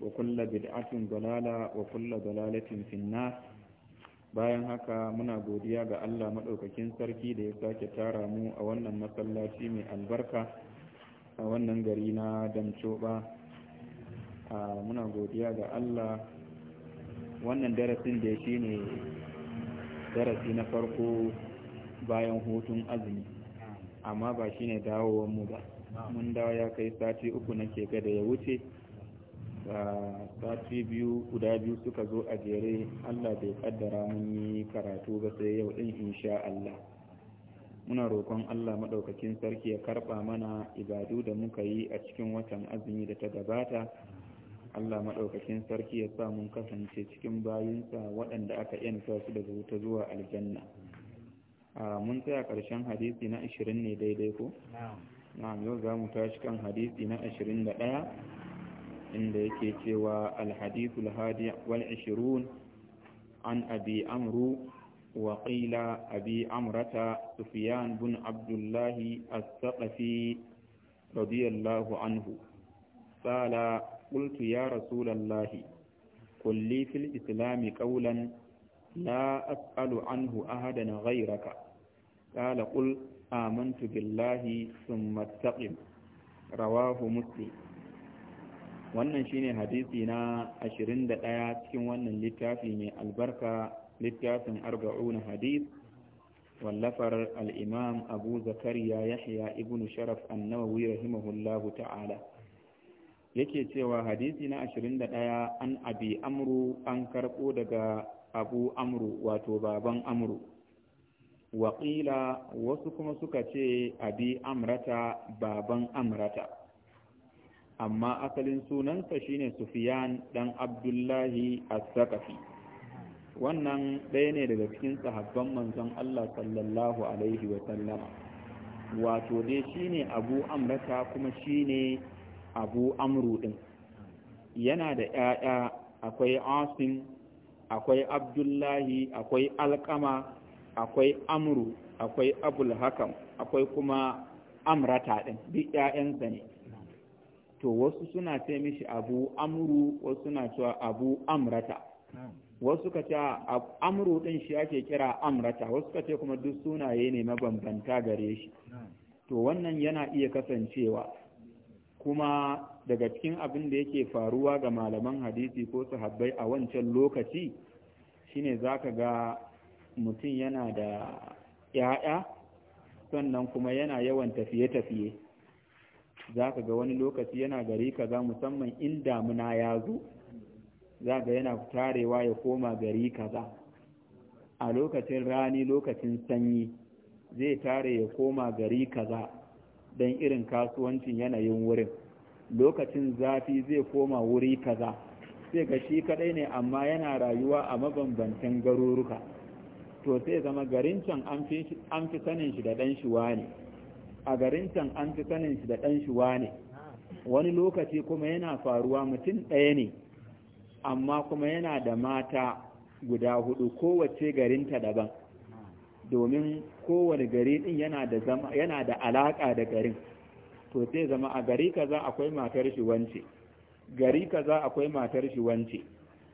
وكل بدعة ضلالة وكل ضلالة في الناس bayan haka muna godiya ga Allah maɗaukakin sarki da ya sake tara mu a wannan masallaci mai albarka a wannan gari na damcoba muna godiya ga Allah wannan darasin da ya shi ne darasi na farko bayan hutun azumi amma ba shi ne mu ba mun dawo ya kai sati uku nake ga da ya wuce sati biyu guda biyu suka zo a jere allah bai kaddara mun yi karatu ba sai yau din insha allah muna roƙon allah maɗaukakin sarki ya karɓa mana ibadu da muka yi a cikin watan azumi da ta gabata allah maɗaukakin sarki ya sa mun kasance cikin bayinsa waɗanda aka yanta su daga wuta zuwa aljanna mun tsaya ƙarshen hadisi na ashirin ne daidai ko na'am yau za mu tashi kan hadisi na ashirin da ɗaya inda yake cewa alhadithul hadi wal 20 an abi amru wa qila abi amrata sufyan bin abdullahi as-saqafi radiyallahu anhu tsala qultu ya rasulallahi qul li fil islami qawlan la as'alu anhu ahadan ghayraka qala qul amantu billahi thumma istaqim rawahu muslim wannan shine hadisi na 21 cikin wannan littafi mai albarka littafin arba'un hadis wallafar al'imam abu zakariya yahya ibnu sharaf an-nawawi rahimahullahu ta'ala yake cewa hadisi na 21 an abi amru an karɓo daga abu amru wato baban amru waƙila wasu kuma suka ce abi amrata baban amrata amma asalin sunansa shine Sufyan dan Abdullahi As-Saqafi wannan ɗaya ne daga cikin sahabban manzon Allah sallallahu alaihi wa sallama wato dai shine Abu Amrata kuma shine Abu Amru din yana da ƴaƴa akwai Asim akwai Abdullahi akwai alkama, akwai Amru akwai Abul Hakam akwai kuma Amrata din duk ƴaƴansa ne to wasu suna ce mishi abu amru wasu suna cewa abu amrata wasu ka ce amru din shi ake kira amrata wasu ka ce kuma duk sunaye ne mabambanta gare shi to wannan yana iya kasancewa kuma daga cikin abin da yake faruwa ga malaman hadisi ko sahabbai a wancan lokaci shine zaka ga mutum yana da ‘ya'ya sannan kuma yana yawan tafiye-tafiye za ka ga wani lokaci yana gari kaza musamman in damuna ya zo za ga yana tarewa ya koma gari kaza a lokacin rani lokacin sanyi zai tare ya koma gari kaza don irin kasuwancin yanayin wurin lokacin zafi zai koma wuri kaza sai ga shi kadai ne amma yana rayuwa a mabambantan garuruka to sai zama garin can an fi sanin shi da ɗan shi ne a garin can an fi sanin shi da ɗan shuwa ne wani lokaci kuma yana faruwa mutum ɗaya ne amma kuma yana da mata guda hudu kowace garinta daban domin kowane gari ɗin yana da alaƙa da garin to sai zama a gari kaza akwai matar shi wance gari kaza akwai matar shi wance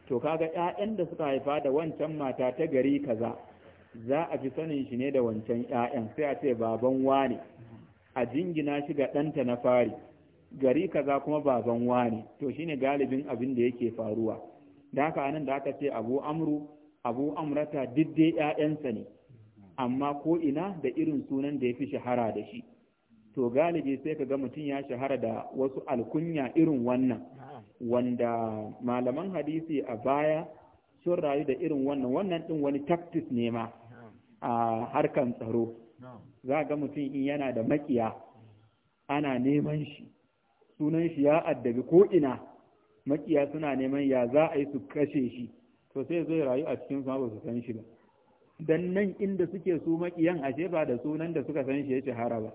to kaga ƴaƴan da suka haifa da wancan mata ta gari kaza za a fi sanin shi ne da wancan ƴaƴan sai a ce baban wane a jingina shi ga ɗanta na fari gari kaza kuma baban wani to shine galibin abin da yake faruwa da haka anan da aka ce abu amru abu amrata diddai 'ya'yansa ne amma ko ina da irin sunan da ya fi shahara da shi to galibi sai ka ga mutum ya shahara da wasu alkunya irin wannan wanda malaman hadisi a baya sun rayu da irin wannan wannan ɗin wani taktis ne ma a harkan tsaro za ga mutum in yana da makiya ana neman shi sunan shi ya addabi ko ina makiya suna neman ya za a yi su kashe shi to sai zai rayu a cikin su ba su san shi ba dan nan inda suke su makiyan ashe ba da sunan da suka san shi ya shahara ba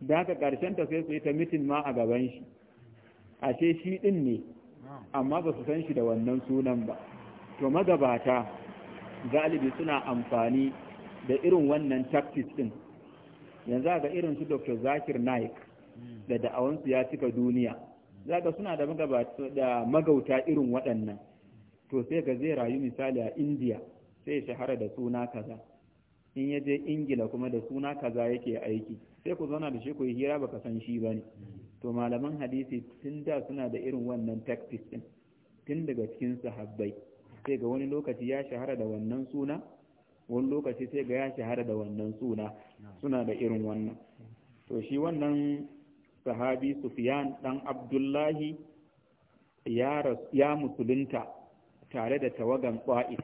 da haka karshen ta sai su yi ta mitin ma a gaban shi ashe shi din ne amma ba su san shi da wannan sunan ba to magabata galibi suna amfani da irin wannan tactics din yanzu ga irin su Dr. Zakir Naik da da'awansu ya cika duniya zaga suna da da magauta irin waɗannan to sai ga zai rayu misali a India sai shahara da suna kaza in ya je Ingila kuma da suna kaza yake aiki sai ku zauna da shi ku yi hira baka san shi ba bane to malaman hadisi tun da suna da irin wannan tactics din tun daga cikin sahabbai sai ga wani lokaci ya shahara da wannan suna wani lokaci sai ga ya shahara da wannan suna suna da irin wannan to shi wannan sahabi Sufyan dan Abdullahi ya musulunta tare da tawagan Qa'if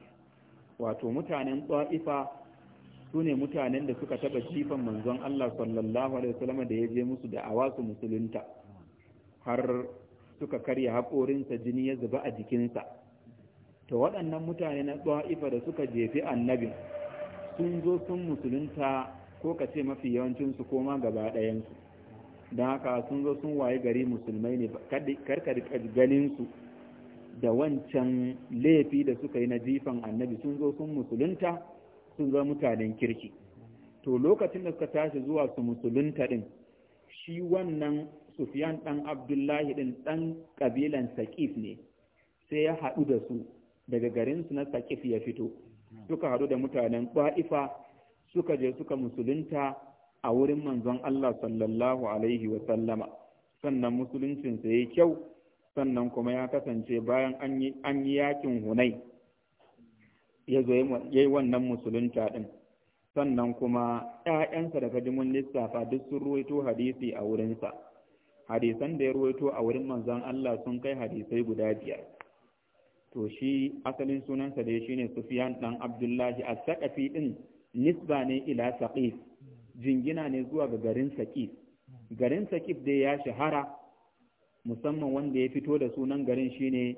wato mutanen Qa'ifa sune mutanen da suka taɓa jifan manzon Allah sallallahu alaihi wasallam da ya je musu da awasu musulunta har suka karya haƙorinsa jini ya zuba a jikinsa to waɗannan mutane na ɗa'ifa da suka jefi annabi sun zo sun musulunta ko ka ce mafi yawancinsu ko ma gaba ɗayansu don haka sun zo sun waye gari musulmai ne karkar ganinsu da wancan laifi da suka yi na jifan annabi sun zo sun musulunta sun zo mutanen kirki to lokacin da suka tashi zuwa su musulunta ɗin shi wannan sufiyan ɗan abdullahi ɗin ɗan ƙabilan saƙif ne sai ya haɗu da su daga garin su na sakif ya fito suka hadu da mutanen Qa'ifa suka je suka musulunta a wurin manzon Allah sallallahu alaihi wa sallama sannan musuluncin sa yayi kyau sannan kuma ya kasance bayan an yi an yi yakin hunai ya zo yayi wannan musulunta din sannan kuma ‘ya'yansa da kajimin lissafa duk sun ruwaito hadisi a wurinsa, hadisan da ya ruwaito a wurin manzon Allah sun kai hadisai guda biyar, to shi asalin sunansa dai shine Sufyan dan Abdullahi as-Saqafi din nisba ne ila Saqif jingina ne zuwa ga garin Saqif garin Saqif dai ya shahara musamman wanda ya fito da sunan garin shine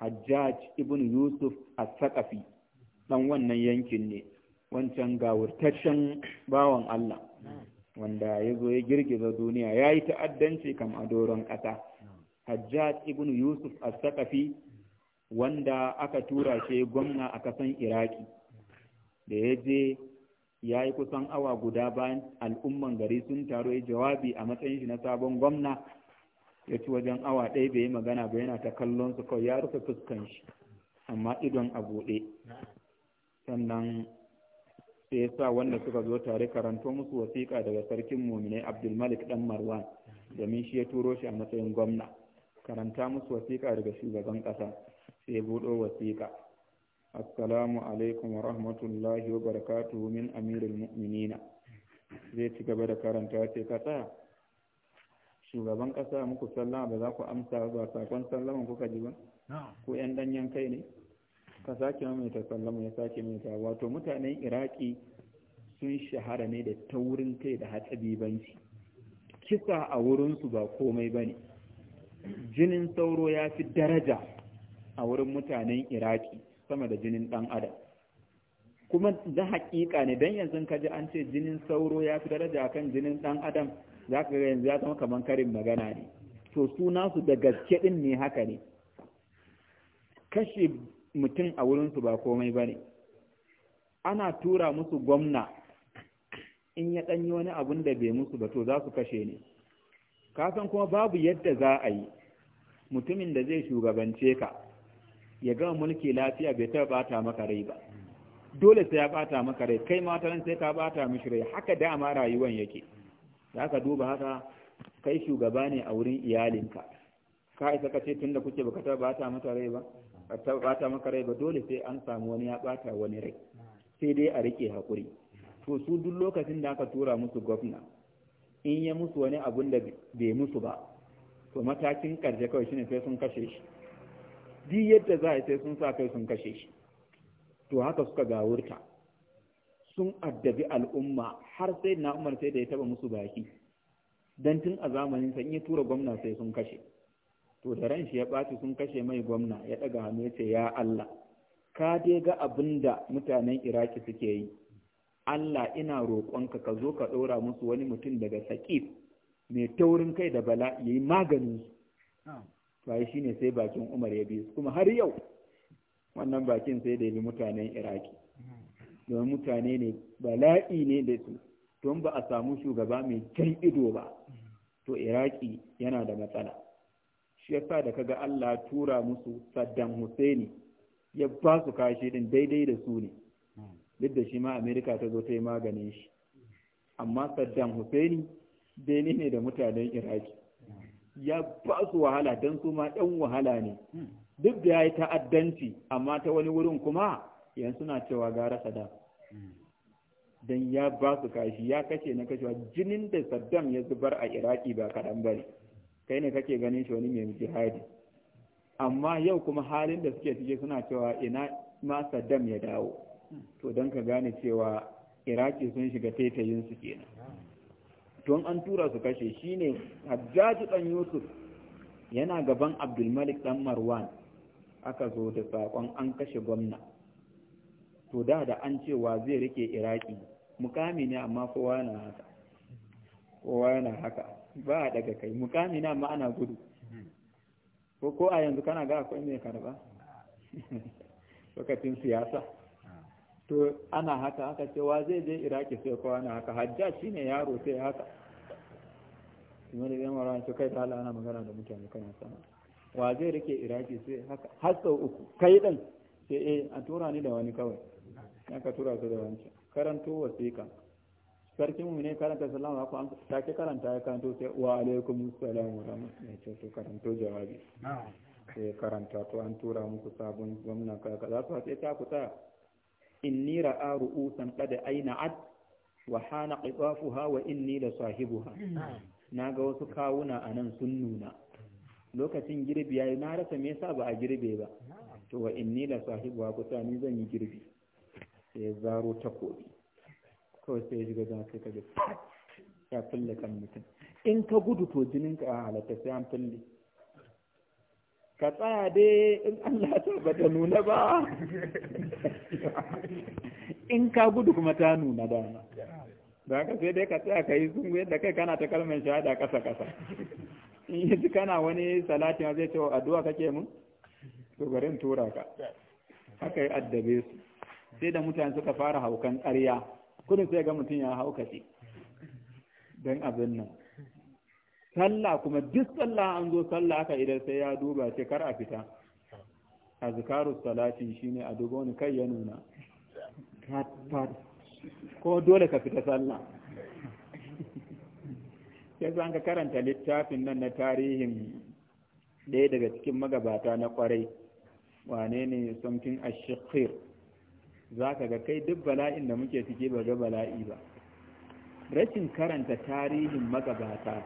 Hajjaj ibn Yusuf as-Saqafi dan wannan yankin ne wancan gawurtaccen bawan Allah wanda ya zo ya girgiza duniya ya yi ta'addanci kam a doron ƙasa. Hajjaj ibn Yusuf as-Saqafi wanda aka tura shi gwamna a kasan iraki da ya je ya yi kusan awa guda bayan al'umman gari sun taro ya jawabi a matsayin shi na sabon gwamna ya ci wajen awa ɗaya bai yi magana ba yana ta kallon su kawai ya rufe fuskan shi amma idon a buɗe sannan sai sa wanda suka zo tare karanto musu wasiƙa daga sarkin mumine abdulmalik dan marwan domin shi ya turo shi a matsayin gwamna karanta musu wasiƙa daga shugaban ƙasa sai budo wasiƙa assalamu alaikum wa rahmatullahi wa barakatuhu min amirul mu'minina zai ci gaba da karanta ce kasa shugaban kasa muku sallama ba za ku amsa ba sakon sallaman kuka ji ba ko yan danyen kai ne ka sake ta sallama ya sake ta wato mutanen iraki sun shahara ne da taurin kai da banki kisa a wurin su ba komai ba ne jinin sauro ya fi daraja a wurin mutanen iraki sama da jinin ɗan adam kuma da haƙiƙa ne don yanzu ka ji an ce jinin sauro ya fi daraja kan jinin ɗan adam za ka yanzu ya zama kamar karin magana ne to suna su da gaske ɗin ne haka ne kashe mutum a wurinsu ba komai ba ne ana tura musu gwamna in ya ɗanyi wani abun da bai musu ba to za su kashe ne kasan kuma babu yadda za a yi mutumin da zai shugabance ka ya gama mulki lafiya bai taɓa bata maka rai ba dole sai ya bata maka rai kai ma nan sai ka bata mishi rai haka da ma rayuwan yake za ka duba haka kai shugaba ne a wurin iyalinka ka isa ka ce tunda kuke baka taɓa bata maka rai ba ka bata maka rai ba dole sai an samu wani ya bata wani rai sai dai a rike hakuri to su duk lokacin da aka tura musu gwamna in ya musu wani abun da bai musu ba to matakin karshe kawai shine sai sun kashe shi duk yadda za a sai sun sa kai sun kashe shi to haka suka gawurta sun addabi al'umma har sai na umar sai da ya taba musu baki dan tun a zamanin sa in ya tura gwamna sai sun kashe to da ran shi ya ɓaci sun kashe mai gwamna ya ɗaga hannu ya ce ya Allah ka dai ga abin da mutanen Iraki suke yi Allah ina roƙonka ka zo ka ɗora musu wani mutum daga Saqif mai taurin kai da bala ya yi maganin su bai shi ne sai bakin Umar ya biyu kuma har yau wannan bakin sai da bi mutanen Iraki don mutane ne bala'i ne da su don ba a samu shugaba mai jan ido ba to Iraki yana da matsala shi yasa da kaga Allah tura musu Saddam Hussein ya ba su kashi din daidai da su ne duk da shi ma Amerika ta zo ta yi maganin shi amma Saddam Hussein bene ne da mutanen Iraki ya ba su wahala don su ma ɗan wahala ne hmm. duk da ya yi ta'addanci amma ta wani wurin kuma yanzu suna cewa gara sada hmm. don ya ba su kashi ya kashe na kashewa jinin da saddam ya zubar a iraki ba kaɗan ba ne kai ne kake ganin shi wani mai jihadi amma yau kuma halin da suke cike suna cewa ina ma saddam ya dawo hmm. to don ka gane cewa iraki sun shiga su kenan don an tura su kashe shine hajjaji dan yusuf yana gaban abdulmalik dan marwan aka zo da sakon an kashe gwamna to da da an cewa zai rike iraki mukami ne amma kowa na haka kowa yana haka ba a daga kai mukami ne amma ana gudu ko ko a yanzu kana ga akwai mai karba lokacin siyasa to ana haka haka cewa zai je iraki sai kowa ana haka hajja shi ne yaro sai haka kuma da zai mara su kai ta ana magana da mutane kana sama wa zai rike iraki sai haka har sau uku kai din sai eh a tura ni da wani kawai ka tura su da wani karanto wasiƙa sarkin mu ne karanta sallama ko an take karanta ya karanto sai wa alaikum salam wa rahmatullahi to karanto jawabi sai karanta to an tura muku sabon gwamna kaza za su sai ta ku tsaya inni ra'a ru'usan qad aina'at wa hana qitafuha wa inni la sahibuha naga wasu kawuna anan sun nuna lokacin girbi yayi na rasa me yasa ba a girbe ba to wa inni la sahibuha kusa ni zan yi girbi sai ya ta kobi ko sai shiga za ka kaga ya fulle kan mutum in ka gudu to jinin ka a halatta sai an fulle ka tsaya dai in Allah ta bata nuna ba in ka gudu kuma ta nuna dama da haka sai dai ka tsaya ka yi sun yadda kai kana ta kalmar shahada kasa kasa in yi kana wani salati zai ce oh, addu'a kake mun to garin tura ka haka yi addabe su sai da mutane suka fara haukan karya kudin sai ga mutum ya haukace don abin nan sallah kuma duk sallah an zo sallah aka idan sai ya duba ce kar a fita azkaru salati shine a duba wani kai ya nuna ko dole ka fita sallah sai zan ka karanta littafin nan na tarihin ɗaya daga cikin magabata na kwarai wane ne sunkin za ka ga kai duk bala'in da muke cike ba ga bala'i ba rashin karanta tarihin magabata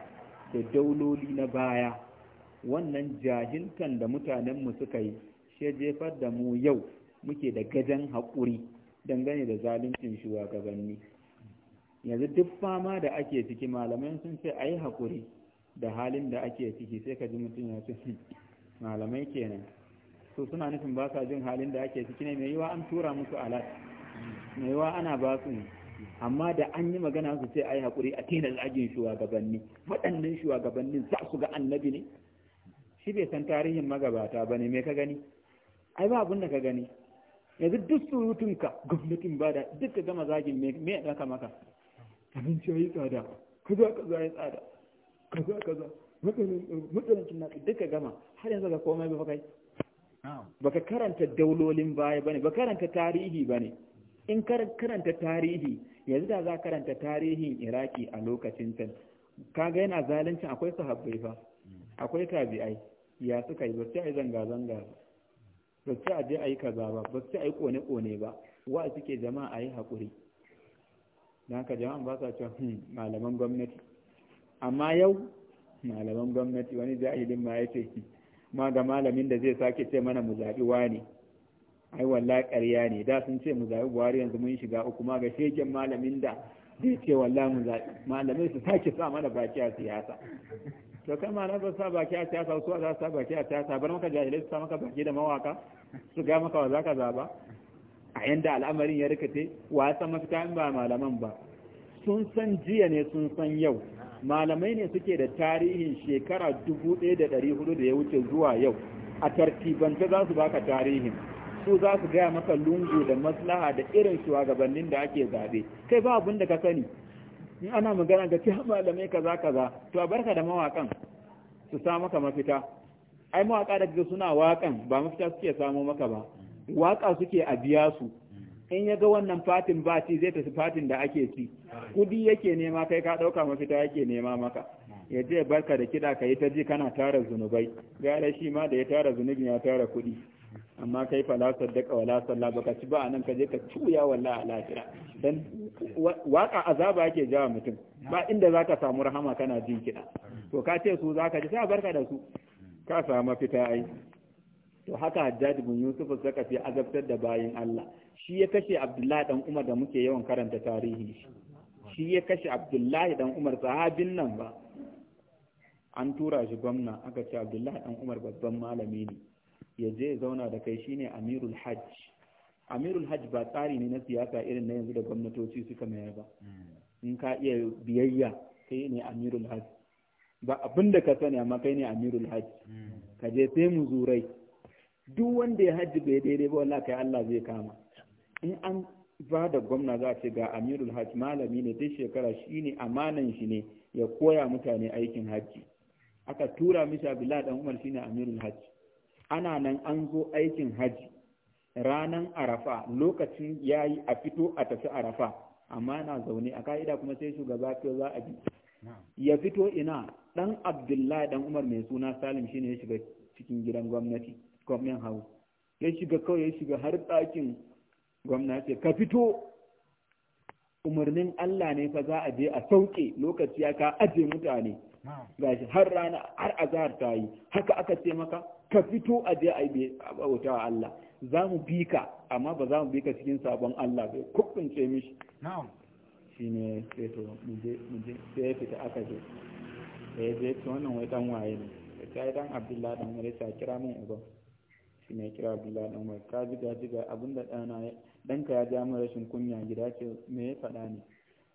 da dauloli na baya wannan jahiltan da mutanenmu suka yi shi jefar da mu yau muke da gajen haƙuri dangane da zaluncin shugabanni yanzu duk fama da ake ciki malamai sun ce a yi haƙuri da halin da ake ciki sai ka ji mutum ya ce hmm, malamai kenan su suna nufin ba sa jin halin da ake ciki ne mai yiwa an tura musu alat mai yiwa ana ba su ne amma da an yi magana su a ai hakuri a tina zagin shugabanni waɗannan shugabannin za su ga annabi ne shi bai san tarihin magabata ba ne me ka gani ai ba abin da ka gani yanzu duk surutunka gwamnatin ba da duk ka gama zagin me ya ɗaka maka abinci ya yi tsada kaza kaza ya tsada kaza kaza matsalancin na duk ka gama har yanzu ka komai ba kai baka karanta daulolin baya bane baka karanta tarihi bane in karanta tarihi yanzu da za karanta tarihin iraki a lokacin can kaga yana zaluncin akwai sahabbai fa akwai tabi'ai ya suka yi ba sai ai zanga zanga ba sai a je ai kaza ba ba sai yi kone kone ba wa suke jama'a yi hakuri dan haka jama'an ba sa cewa hmm, malaman gwamnati amma yau malaman gwamnati wani jahilin ma ce, hmm, ma ga malamin da zai sake ce mana mu zabi wani ai wallahi ƙarya ne da sun ce mu zaɓi buhari yanzu mun shiga uku ma ga shegen malamin da zai ce wallahi mu zaɓi malamin su sake sa mana baki a siyasa to kai malamai ba sa baki a siyasa su za su sa baki a siyasa bar maka jahilai su sa maka baki da mawaka su ga maka wa zaka zaba a yanda al'amarin ya rikate wa san mafita in ba malaman ba sun san jiya ne sun san yau malamai ne suke da tarihin shekara dubu ɗaya da ɗari hudu da ya wuce zuwa yau a tartibance za su baka tarihin su za su gaya maka lungu da maslaha da irin shugabannin da ake zabe kai ba abin da ka sani in ana magana ga da malamai kaza kaza to a barka da mawakan su sa maka mafita ai mawaka da suna wakan ba mafita suke samo maka ba waka suke a biya su in ya ga wannan fatin ba ci zai tafi fatin da ake ci kudi yake nema kai ka ɗauka mafita yake nema maka ya je barka da kiɗa ka yi ta ji kana tara zunubai gara shi ma da ya tara zunubi ya tara kuɗi. amma kai fa la saddaka la salla baka ci ba anan ka je ka tuya walla a lafiya dan waka azaba yake jawa mutum ba inda zaka samu rahama kana jin kiɗa to ka ce su zaka ji sai barka da su ka samu fita ai to haka Hajjaj bin Yusuf zaka fi azabtar da bayin Allah shi ya kashe Abdullahi dan Umar da muke yawan karanta tarihi shi ya kashe Abdullahi dan Umar sahabin nan ba an tura shi gwamna aka ce Abdullahi dan Umar babban malami ne ya je ya zauna da kai shine amirul hajj amirul hajj ba tsari ne na siyasa irin na yanzu da gwamnatoci suka mayar ba hmm. in ka iya biyayya kai ne amirul hajj ba abin da ka sani amma kai ne amirul hajj hmm. ka je sai mu zurai duk wanda ya hajji bai daidai ba wallahi kai Allah zai kama in an ba da gwamna za a ce ga amirul hajj malami ne duk shekara shine amanan shi ne ya koya mutane aikin hajji aka tura mishi abdullahi dan umar shine amirul hajj ana nan an zo aikin haji ranan arafa lokacin ya yi a fito a tafi arafa amma na zaune a ka'ida kuma sai shugaba ko za a bi ya fito ina dan abdullahi dan umar mai suna salim shine ya shiga cikin gidan gwamnati gwamnan hau ya shiga kawai ya shiga har ɗakin gwamnati ka fito umarnin Allah ne fa za a je a sauke lokaci ya ka aje mutane gashi har rana har azhar ta yi haka aka ce maka ka fito a je a bauta wa Allah za mu bi ka amma ba za mu bi ka cikin sabon Allah bai ce mishi shi ne sai to sai ya fita aka je da ya je ta wannan wai dan waye ne da ta yi dan abdullahi dan wani ta kira min uban shi ne kira abdullahi dan wani ka jiga ga abinda ɗana ɗanka ya ja min rashin kunya gida ce me ya faɗa ne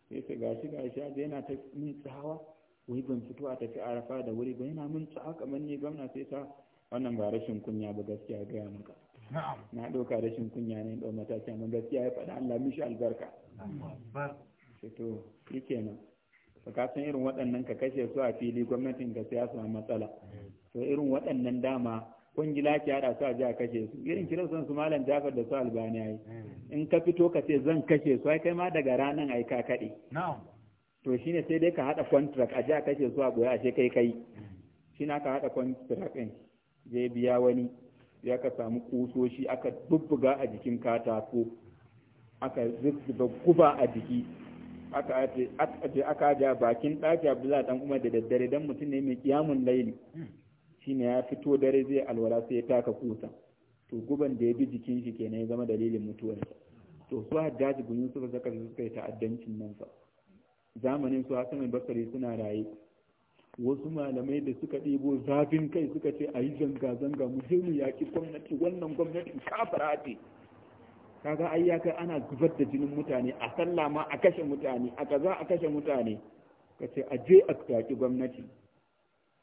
sai ta gashi gashi ya yana ta min tsawa wai ban fito a tafi arafa da wuri ba yana min tsawa kamar ni gwamna sai ta wannan ba rashin kunya ba gaskiya gaya maka na ɗauka rashin kunya ne ɗau mataki amma gaskiya ya faɗa Allah mishi albarka to shi ba ka san irin waɗannan ka kashe su a fili gwamnatin ka siyasa matsala to irin waɗannan dama kungila ki hada su a ji a kashe su irin kiran son su malam jafar da su albani yi hmm. in ka fito ka ce zan kashe su ai kai ma daga ranan ai ka kaɗe to shine sai dai ka hada contract a ji a kashe su a goya ashe kai kai hmm. shine ka hada contract din zai biya wani ya ka samu kusoshi aka bubbuga a jikin katako aka zubba guba a jiki aka aje bakin ɗaki abdullahi dan umar da daddare dan mutum ne mai kiyamun laili shine ya fito dare zai alwala sai ya taka kusa to guban da ya bi jikin shi kenan ya zama dalilin mutuwar to su haddaji su ba zaka suka ta addancin nan fa zamanin su hasan al Bakari suna raye wasu malamai da suka ɗebo zafin kai suka ce a yi zanga-zanga mu je mu yaƙi gwamnati wannan gwamnatin kafara ce kaga ai ana zubar da jinin mutane a sallah ma a kashe mutane a kaza a kashe mutane ka ce a je a yaƙi gwamnati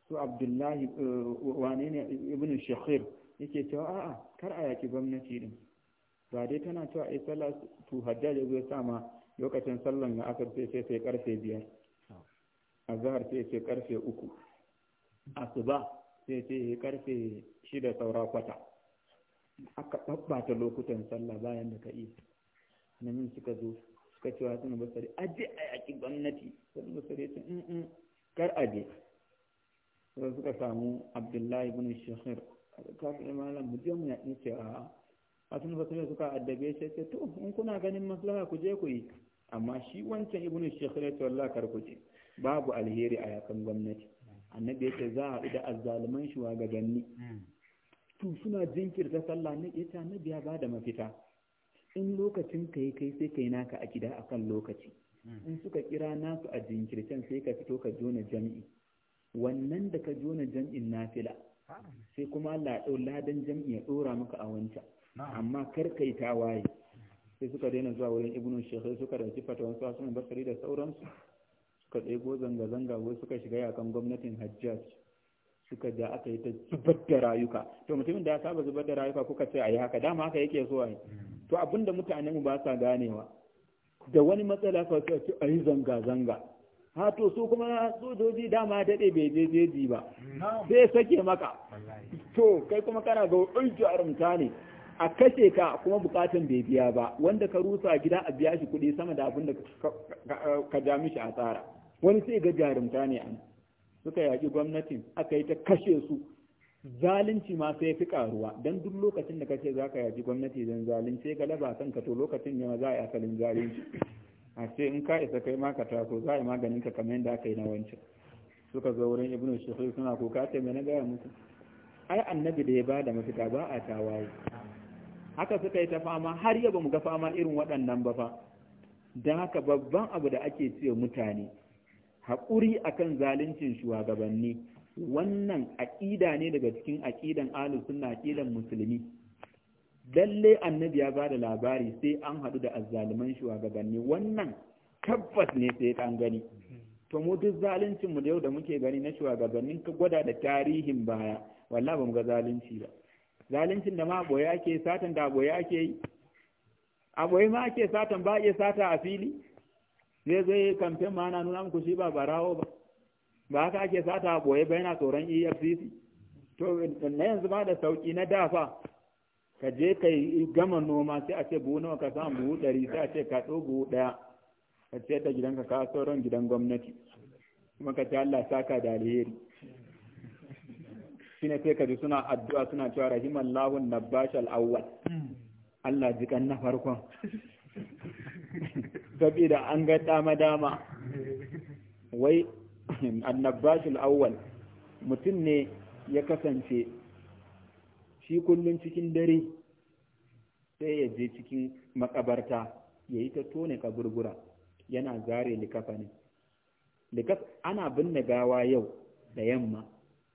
su abdullahi eh, wane ne ibn shahir yake cewa a'a kar a yaƙi gwamnati din ba dai tana cewa ai sallah tu hajjaja zai sama lokacin sallan ya asar sai sai karfe biyar azhar sai ce karfe uku asuba sai ce karfe shida saura kwata aka babbata lokutan sallah bayan da ka iya nan suka zo suka cewa sun basari aje a yaki gwamnati sun basari sun in kar aje sai suka samu abdullahi ibn shahir kafin malam mu je mu yaƙi ce a hasan basari suka addabe shi ce to in kuna ganin maslaha ku je ku yi amma shi wancan ibn shahir ya ce wallahi kar ku je babu alheri a yakan gwamnati annabi yace za a da azzaluman shugabanni hmm. to suna jinkirta sallah ne yace annabi ya bada mafita in lokacin kai kai sai kai naka a gida akan lokaci hmm. in suka kira nasu a jinkircen sai ka fito ka jona jami'i wannan da ka jona jami'in nafila sai kuma Allah ya ladan jami'i ya dora maka a wancan amma kar kai ta waye. sai suka daina zuwa wurin ibnu shekhi suka rinci fatawan su sun basari da sauransu suka tsego zanga-zanga wai suka shiga yakan gwamnatin hajjaj suka ja aka yi ta zubar da rayuka to mutumin da ya saba zubar da rayuka kuka ce a yi haka dama haka yake so a yi to da mutane mu ba sa ganewa da wani matsala ka ce a yi zanga-zanga ha to su kuma sojoji dama daɗe bai je jeji ba sai sake maka to kai kuma kana ga wani jarumta ne a kashe ka kuma bukatan bai biya ba wanda ka rusa gida a biya shi kuɗi sama da abin da ka ja mishi tsara. wani sai ga jarumta ne an suka yaƙi gwamnatin aka yi ta kashe su zalunci ma sai fi karuwa dan duk lokacin da kace zaka yaƙi gwamnati dan zalunci san ka to lokacin ne za a yi asalin zalunci a ce in ka isa kai ma ka taso za a yi maganin ka kamar yadda aka yi na wancan suka zo wurin ibnu shekhi suna kuka ce me na gaya musu ai annabi da ya ba da mafita ba a tawaye haka suka yi ta fama har ba mu ga fama irin waɗannan ba fa dan haka babban abu da ake ce mutane haƙuri akan zaluncin shugabanni wannan aƙida ne daga cikin aƙidan ahlus sunna aƙidan musulmi lalle annabi ya bada labari sai an haɗu da azzaliman shugabanni wannan tabbas ne sai an gani to mu duk zaluncin mu da yau da muke gani na shugabannin ka gwada da tarihin baya wallahi bamu ga zalunci ba zaluncin da ma boye ake satan da boye ake yi a boye ma ake satan ba iya sata a fili zai zai kamfen ma na nuna muku shi ba barawo ba ba haka ake sata a boye ba yana tsoron efcc to na yanzu ba da sauki na dafa ka je ka yi gama noma sai a ce buhu nawa ka samu buhu ɗari sai a ce ka tso buhu ɗaya ka ce ta gidanka ka sauran gidan gwamnati kuma ka ce Allah sa ka da alheri ne sai ka ji suna addu'a suna cewa na nabashal awwal hmm. Allah ji kan na farkon saboda an ga dama dama wai Annabashin awwal mutum ne ya kasance shi kullum cikin dare sai ya je cikin makabarta ya yi ta tone kaburbura yana zare likafanin likaf ana binne gawa yau da yamma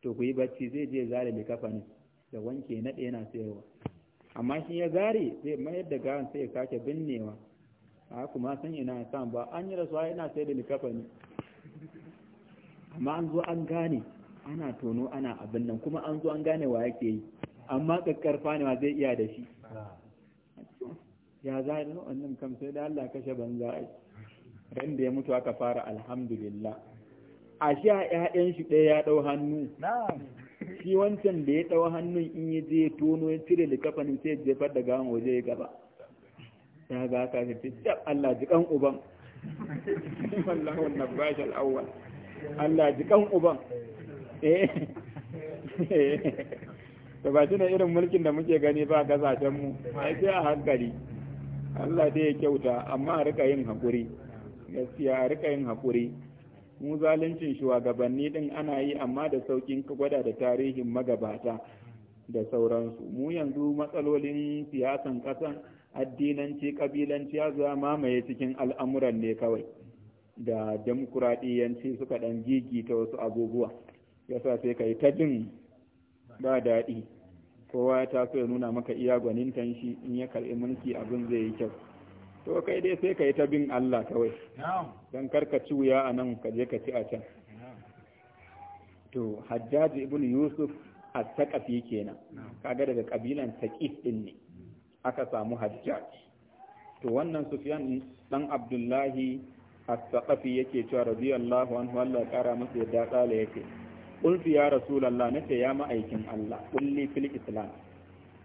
to ku yi bacci zai je zare likafani da wanke naɗe yana sayarwa amma shi ya zare zai mayar da gawan sai ya sake binnewa a kuma san ina san ba an yi rasuwa yana sai da likafani amma an zo an gane ana tono ana abin nan kuma an zo an gane wa yake yi amma kakkarfa ne ma zai iya da shi ya za a wannan kam sai da Allah kashe banza a ran da ya mutu aka fara alhamdulillah a sha ƴaƴan shi ɗaya ya ɗau hannu shi wancan da ya ɗau hannun in ya je ya tono ya cire likafanin sai ya jefar da gawan waje ya gaba ya ga ka fi tab Allah ji kan uban wallahu wannan al-awwal Allah ji kan uban eh to ba ne irin mulkin da muke gani ba kasashen mu ai sai a hankali Allah dai ya kyauta amma a rika yin hakuri gaskiya a rika yin hakuri mu zaluncin shugabanni din ana yi amma da saukin gwada da tarihin magabata da sauransu mu yanzu matsalolin siyasan kasan addinanci kabilanci ya zuwa mamaye cikin al'amuran ne kawai da demokuraɗiyanci suka ɗan ta wasu abubuwa Ya sa sai ka yi ta jin ba daɗi kowa ya taso ya nuna maka iya gwanin shi in ya karɓi mulki abin zai yi kyau to kai dai sai ka yi ta bin Allah kawai don karka ci wuya a nan ka je ka ci a can to hajjaji ibn yusuf a takafi kenan kaga daga kabilan taƙif ɗin ne aka samu hajjaj to wannan sufyan dan abdullahi as-saqafi yake cewa radiyallahu anhu Allah kara masa yadda kala yake qultu ya rasulullah nace ya ma'aikin Allah kulli fil islam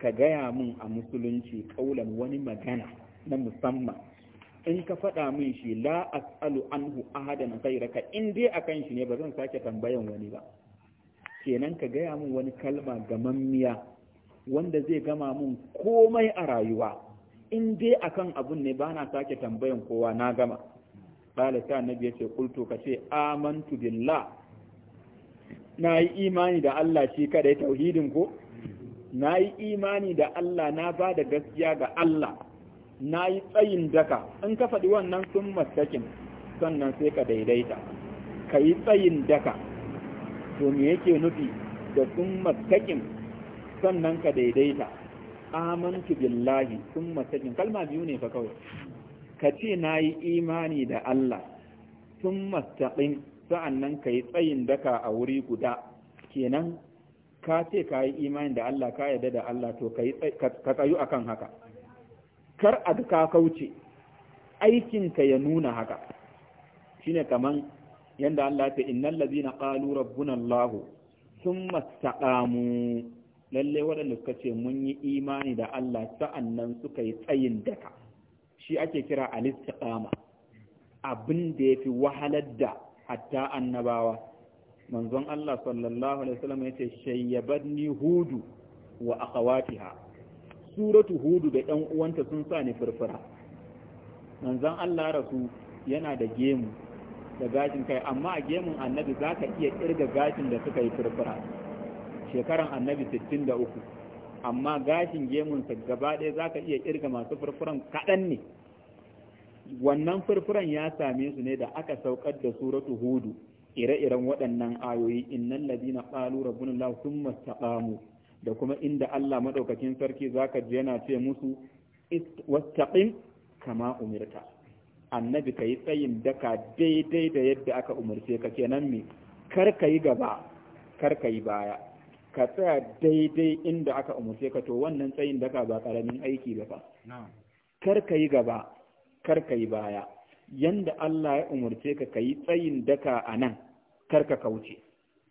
ka gaya mun a musulunci kaulan wani magana na musamman in ka faɗa min shi la as'alu anhu ahadan ghayraka in dai akan shi ne ba zan sake tambayan wani ba kenan ka gaya mun wani kalma gamammiya wanda zai gama mun komai a rayuwa in dai akan abun ne bana sake tambayan kowa na gama qala sai ce yace qultu ce amantu billah na yi imani da Allah shi kada tauhidin ko na yi imani da Allah na ba da gaskiya ga Allah na yi tsayin daka in ka faɗi wannan sun mastakin sannan sai ka daidaita ka yi tsayin daka to me yake nufi da sun mastakin sannan ka daidaita amantu billahi sun masakin kalma biyu ne fa kawai ka ce na yi imani da Allah sun masakin sa'annan ka yi tsayin daka a wuri guda kenan ka ce ka yi imani da Allah ka yarda da Allah to ka tsayu akan haka kar a ka kauce aikinka ya nuna haka shine kamar yadda Allah ta ce innal ladina qalu sun Allah thumma lalle waɗanda suka ce mun yi imani da Allah sa'annan suka yi tsayin daka shi ake kira alistiqama abin da fi wahalar da hatta annabawa manzon Allah sallallahu alaihi wasallam yace ni hudu wa akhawatiha suratu hudu da ɗan uwanta sun sa ni furfura manzon Allah rasu yana da gemu da gashin kai amma a gemun annabi zaka iya kirga gashin da suka yi furfura shekaran annabi 63 amma gashin gemunsa gaba ɗaya zaka iya kirga masu furfuran kaɗan ne wannan furfuran ya same su ne da aka saukar da suratu hudu ire-iren waɗannan ayoyi innan ladina qalu rabbuna allah thumma istaqamu da kuma inda Allah madaukakin sarki zaka ji yana ce musu wastaqim kama umirta annabi kai tsayin daka daidai da yadda aka umarce ka kenan me kar ka yi gaba kar ka yi baya ka tsaya daidai inda aka umurce ka to wannan tsayin daka ba karamin aiki ba fa kar ka yi gaba kar ka yi baya yanda Allah ya umurce ka ka yi tsayin daka a nan kar ka kauce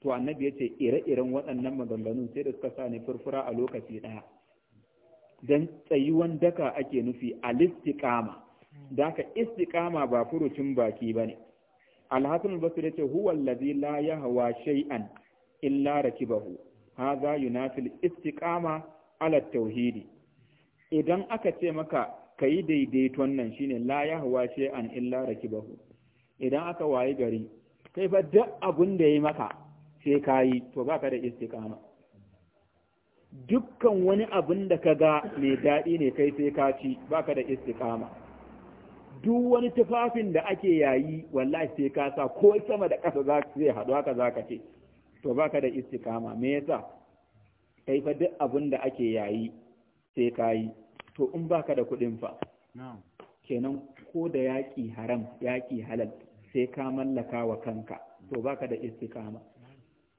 to annabi ya ce ire-iren waɗannan maganganun sai da suka sa ni furfura a lokaci ɗaya dan tsayuwan daka ake nufi alistiƙama da ka istiqama ba furucin baki ba ne alhassan ya ce huwa allazi la yahwa shay'an illa rakibahu haza yunafil istiqama ala tauhidi idan aka ce maka ka yi daidaiton nan shine la ce an illa rakibahu idan aka wayi gari kai fa duk abun da yayi maka sai kayi to ba ka da istiqama dukkan wani abun da ka ga mai daɗi ne kai sai ka ci ka da istiqama duk wani tufafin da ake yayi wallahi sai ka sa ko sama da ƙasa za zai haɗu haka za ka ce to ba ka da istikama me yasa kai fa duk abin da ake yayi sai yi to in ba ka da kuɗin fa kenan ko da yaƙi haram yaƙi halal sai ka mallaka wa kanka to ba ka da istikama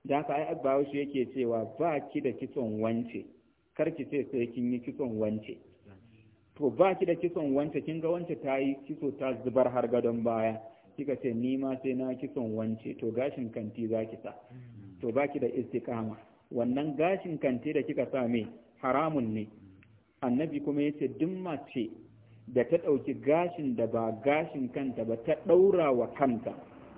da ka ai bahaushe yake cewa ba ki da kitson wance kar ki ce sai kin yi kitson wance to ba ki da kitson wance kin ga wance ta yi kitso ta zubar har gadon baya kika ce ni ma sai na kitson wance to gashin kanti za ki sa to baki da istiqama wannan gashin kante da kika sa me haramun ne annabi kuma yace duk mace da ta ɗauki gashin da ba gashin kanta ba ta ɗaura wa kanta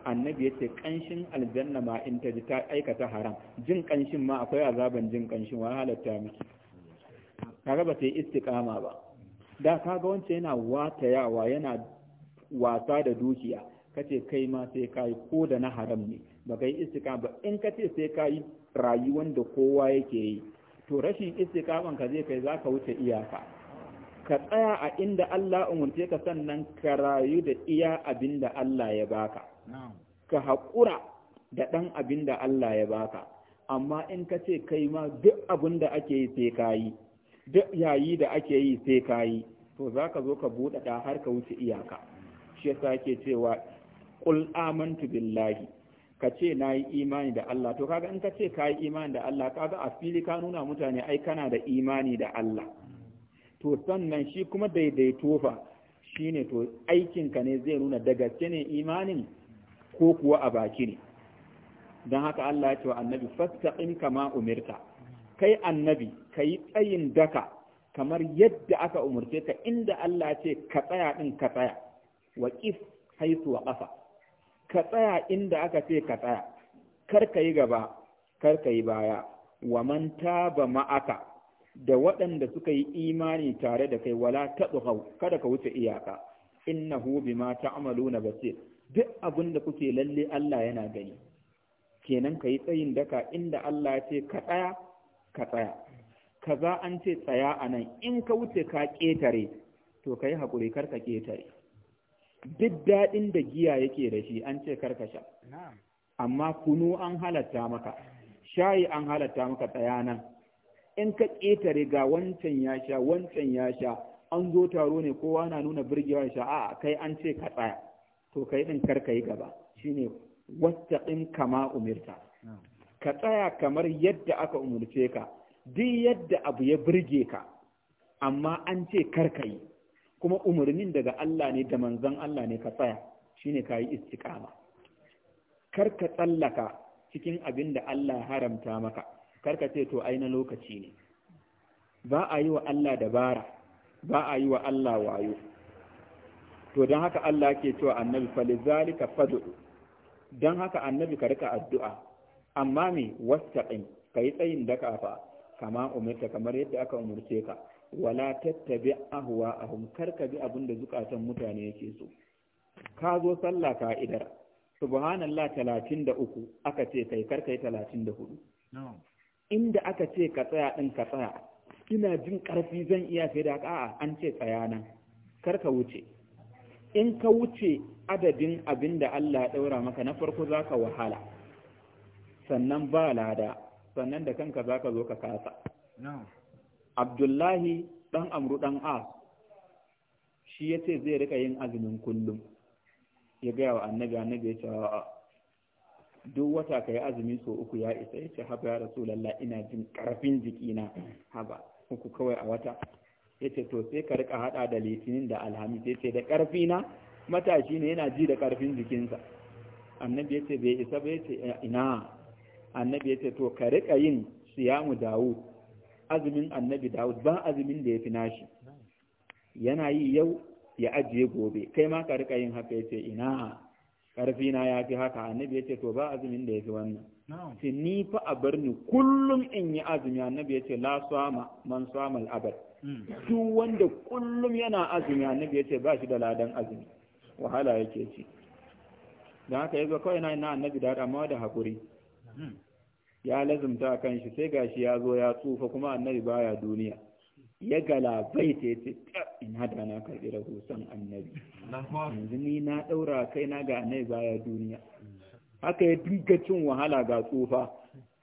annabi ya ce ƙanshin aljanna ma in ta ji ta aikata haram jin ƙanshin ma akwai azaban jin ƙanshin wa halatta miki kaga ba ta yi istiƙama ba da kaga wance yana watayawa yana wasa da dukiya kace kai ma sai kai ko da na haram ne ba ka yi istiqama ba in ka ce sai ka yi rayuwan da kowa yake yi to rashin istiqaman ka zai kai zaka wuce iyaka ka tsaya a inda Allah umurce ka sannan ka rayu da iya abin da Allah ya baka ka haƙura da ɗan abinda Allah ya baka amma in ka ce kai ma duk abin ake yi sai ka yi duk yayi da ake yi sai ka yi to za ka zo ka buɗaɗa har ka wuce iyaka shi yasa yake cewa qul amantu billahi ka ce na yi imani da Allah to kaga in ka ce ka yi imani da Allah kaga a fili ka nuna mutane ai kana da imani da Allah to sannan shi kuma daidaito fa shine to aikinka ne zai nuna da gaske ne imanin ko kuwa a baki ne dan haka Allah ya ce wa annabi fastaqim kama umirta kai annabi kai tsayin daka kamar yadda aka umurce ka inda Allah ya ce ka tsaya din ka tsaya wa qif haythu wa qafa ka tsaya inda aka ce ka tsaya kar ka yi gaba kar ka yi baya wa man taba ma'aka da waɗanda suka yi imani tare da kai wala hau. kada ka wuce iyaka innahu bima ta'maluna basir duk abin da kuke lalle Allah yana gani kenan ka yi tsayin daka inda Allah ya ce ka tsaya ka tsaya kaza an ce tsaya a nan in ka wuce ka ƙetare to ka yi haƙuri kar ka ƙetare duk daɗin da giya yake da shi an ce karkasha amma kunu an halatta maka shayi an halatta maka tsaya nan. in ka ƙetare ga wancan ya sha wancan ya sha an zo taro ne kowa na nuna birgewa sha a kai an ce ka tsaya to kai din karka yi gaba shine ɗin kama umirta ka tsaya kamar yadda aka umurce ka duk yadda abu ya birge ka amma an ce karka yi kuma umarnin daga Allah ne da manzon Allah ne ka tsaya shine kayi istiqama kar ka tsallaka cikin abin da Allah ya haramta maka kar ka ce to aina lokaci ne ba a yi wa Allah dabara ba a yi wa Allah wayo to don haka Allah ke cewa annabi falizalika fad'u don haka annabi ka rika addu'a amma me ka yi tsayin ka fa kama umarta kamar yadda aka umarce ka wala tattabi ahwa ahum karka bi abin da zukatan mutane yake so ka zo sallah ka'idar, subhanallah talatin da uku aka ce kai karka yi talatin da hudu inda aka ce ka tsaya din ka tsaya ina jin karfi zan iya sai da a'a an ce tsaya nan karka wuce in ka wuce adadin abin da Allah ya ɗaura maka na farko zaka wahala sannan ba lada sannan da kanka zaka zo ka kasa abdullahi ɗan amru ɗan as shi ya ce zai rika yin azumin kullum ya gaya wa annabi annabi ya ce duk wata ka yi azumi so uku ya isa ya ce haba ya lalla ina jin ƙarfin jikina haba uku kawai a wata ya ce to sai ka rika hada da litinin da alhamis ya ce da ƙarfi na matashi ne yana ji da ƙarfin jikinsa annabi ya ce bai isa ba ya ce ina annabi ya ce to ka rika yin siyamu dawo. azumin annabi Dawud ba azumin da ya fi nashi yana yi yau ya ajiye gobe kai ma ka rika yin haka yace ina karfi na ya fi haka annabi yace to ba azumin da ya fi wannan ce ni fa a bar ni kullum in yi azumi annabi yace la sama man samal abad hmm. duk wanda kullum yana azumi annabi yace ba shi da ladan azumi wahala yake ci dan haka yazo kawai na annabi da amma da hakuri hmm. ya lazumta a kan shi sai gashi ya zo ya tsufa kuma annabi baya duniya ya galabaita ta ce ina da na karɓi rahoton annabi yanzu ni na ɗaura kai na ga annabi baya duniya haka ya dinga cin wahala ga tsufa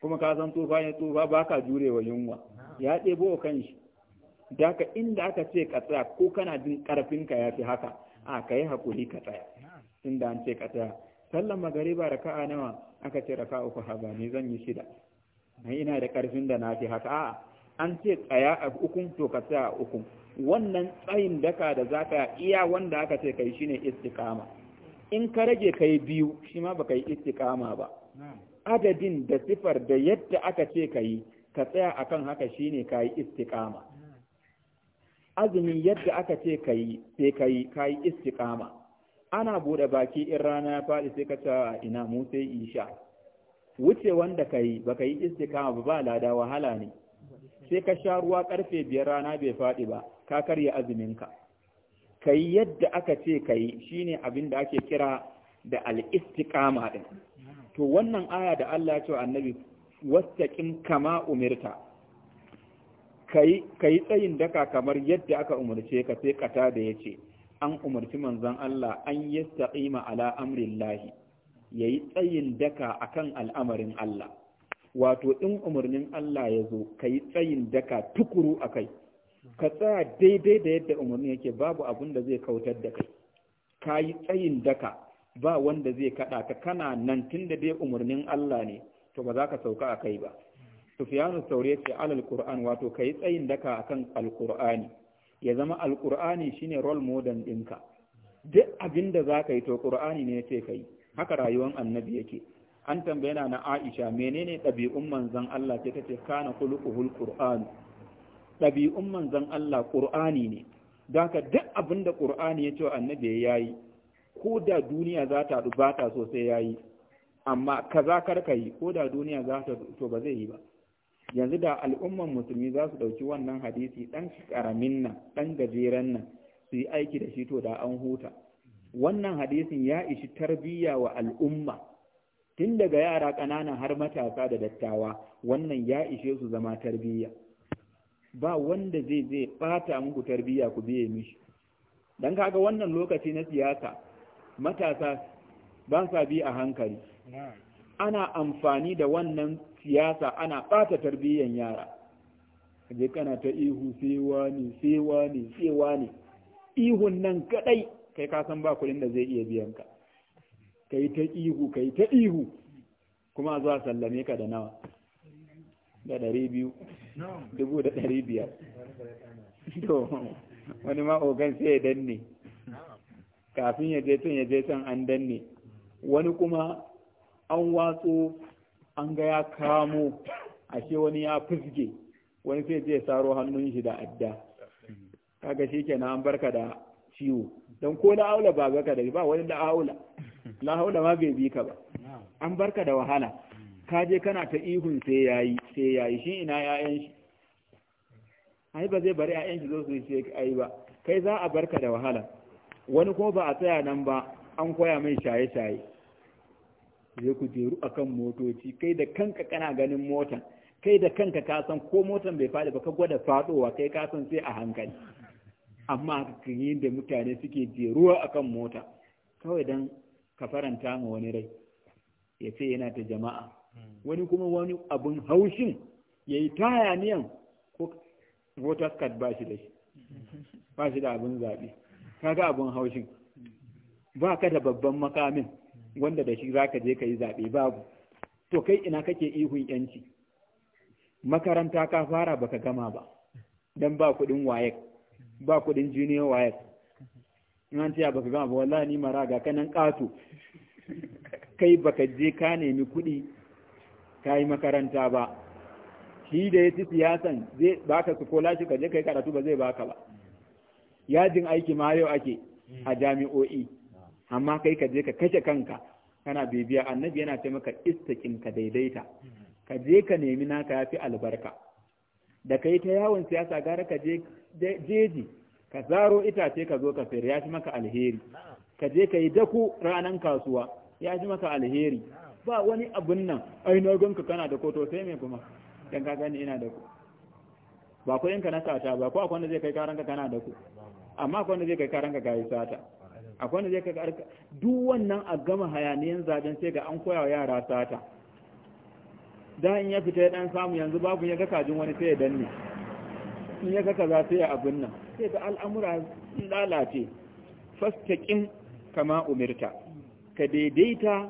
kuma ka san tsufa ne tsufa baka ka wa yunwa ya ɗebo kan shi daka inda aka ce ka tsaya ko kana jin ka ya fi haka a ka yi haƙuri ka tsaya inda an ce ka tsaya sallan magariba raka'a nawa aka ce raka'a uku haba ne zan yi shida na ina da ƙarfin da na fi haka a'a an ce tsaya a uku to ka tsaya a uku wannan tsayin daka da za ka iya wanda aka ce kai shine istiqama in ka rage kai biyu shi ma baka yi istiqama ba adadin da sifar da yadda aka ce ka yi ka tsaya akan haka shine ka yi istiqama azumin yadda aka ce ka yi sai ka yi ka istiqama ana buɗe baki in rana ya faɗi sai ka ce ah, ina mu sai isha wuce wanda ka yi baka yi istikama ba ba lada wahala ne sai ka sha ruwa karfe biyar rana bai faɗi ba ka karya azuminka ka yi yadda aka ce ka yi shine abin da ake kira da al'istikama ɗin to wannan aya da Allah ya ce annabi wastaqim kama umirta kai kai tsayin daka kamar yadda aka umarce ka sai kata da ce. an umarci manzon Allah an yastaqima ala amrillahi yayi tsayin daka akan al'amarin Allah wato in umarnin Allah ya zo kayi tsayin daka tukuru akai ka tsaya daidai da yadda umarni yake babu abun da zai kautar da kai ka yi tsayin daka ba wanda zai kaɗa ka kana nan tun dai umarnin Allah ne to ba za ka sauka akai ba sufiyanu saure ce alal qur'an wato ka yi tsayin daka akan alqur'ani ya zama alƙur'ani shine role model ɗinka duk abin da za ka yi to ƙur'ani ne ce ka yi haka rayuwar annabi yake an tambaye na na aisha menene ɗabi'un manzan Allah ce tace kana khuluquhul qur'an ɗabi'un manzan Allah ƙur'ani ne daga duk abin da ƙur'ani ya ce annabi ya yi ko da duniya za ta ba ta so ya yi amma kaza kar ka yi ko da duniya za ta to ba zai yi ba yanzu da al'umman musulmi za su ɗauki wannan hadisi ɗan ƙaramin nan ɗan gajeren nan su yi aiki da shi to da an huta wannan hadisin ya ishi tarbiyya wa al'umma tun daga yara ƙanana har matasa da dattawa wannan ya ishe su zama tarbiyya ba wanda zai zai bata muku tarbiyya ku biye mishi don kaga wannan lokaci na siyasa matasa ba sa bi a hankali ana amfani da wannan siyasa ana ɓata tarbiyyar yara je kana ta ihu sewa ne sewa ne sewa ne ihun nan kadai kai ka san ba kuɗin da zai iya biyan ka kai ta ihu kai ta ihu kuma zuwa sallame ka da nawa da ɗari biyu dubu da ɗari biyar to wani ma ogan sai ya danne kafin ya je can ya je can an danne wani kuma an watso an ga ya kamo ashe wani ya fizge wani sai je saro hannun shi da adda kaga shi ke an barka da ciwo don ko la aula ba ga da ba wani la aula la aula ma bai bi ka ba an barka da wahala ka je kana ta ihun sai yayi sai yayi shi ina yayan shi ai ba zai bari yayan shi zo su ce ai ba kai za a barka da wahala wani kuma ba a tsaya nan ba an koya mai shaye-shaye zai kujeru akan motoci kai da kanka kana ganin motan kai da kanka ka san ko motan bai faɗi ba ka gwada faɗowa kai ka san sai a hankali amma kan da mutane suke jeruwa akan mota kawai dan ka faranta ma wani rai ya ce yana ta jama'a wani kuma wani abun haushin ya yi taya niyan ko voters card ba shi da shi ba shi da abin zaɓe kaga abin haushin ba ka da babban makamin wanda da shi zaka je ka yi zaɓe babu to kai ina kake ihun yanci makaranta ka fara baka gama ba dan ba kuɗin wayek ba kuɗin junior wayek in an tiya baka gama ba wallahi ni mara ga kanan ƙato kai baka je ka nemi kuɗi ka yi makaranta ba shi da ya ci siyasan zai baka su kola shi ka je kai karatu ba zai baka ba yajin aiki ma yau ake a jami'o'i amma kai ka je ka kashe kanka kana bibiya annabi yana ce maka istakin ka daidaita ka je ka nemi naka yafi albarka da kai ta yawon siyasa gara ka je jeji ka zaro itace ka zo ka sayar ya fi maka alheri ka je ka yi daku ranan kasuwa ya fi maka alheri ba wani abun nan ai na ganka kana da koto sai me kuma dan ka gani ina da ku ba ko in ka na sata ba ko akwai wanda zai kai karanka kana da ku amma akwai wanda zai kai karanka ga sata akwai wanda zai kaga arka duk wannan a gama hayaniyan zaben sai ga an koya wa yara sata da in ya fita ya dan samu yanzu babu ya ga kajin wani sai ya danne in ya ga kaza sai ya abin nan sai ga al'amura lalace fastaqim kama umirta ka daidaita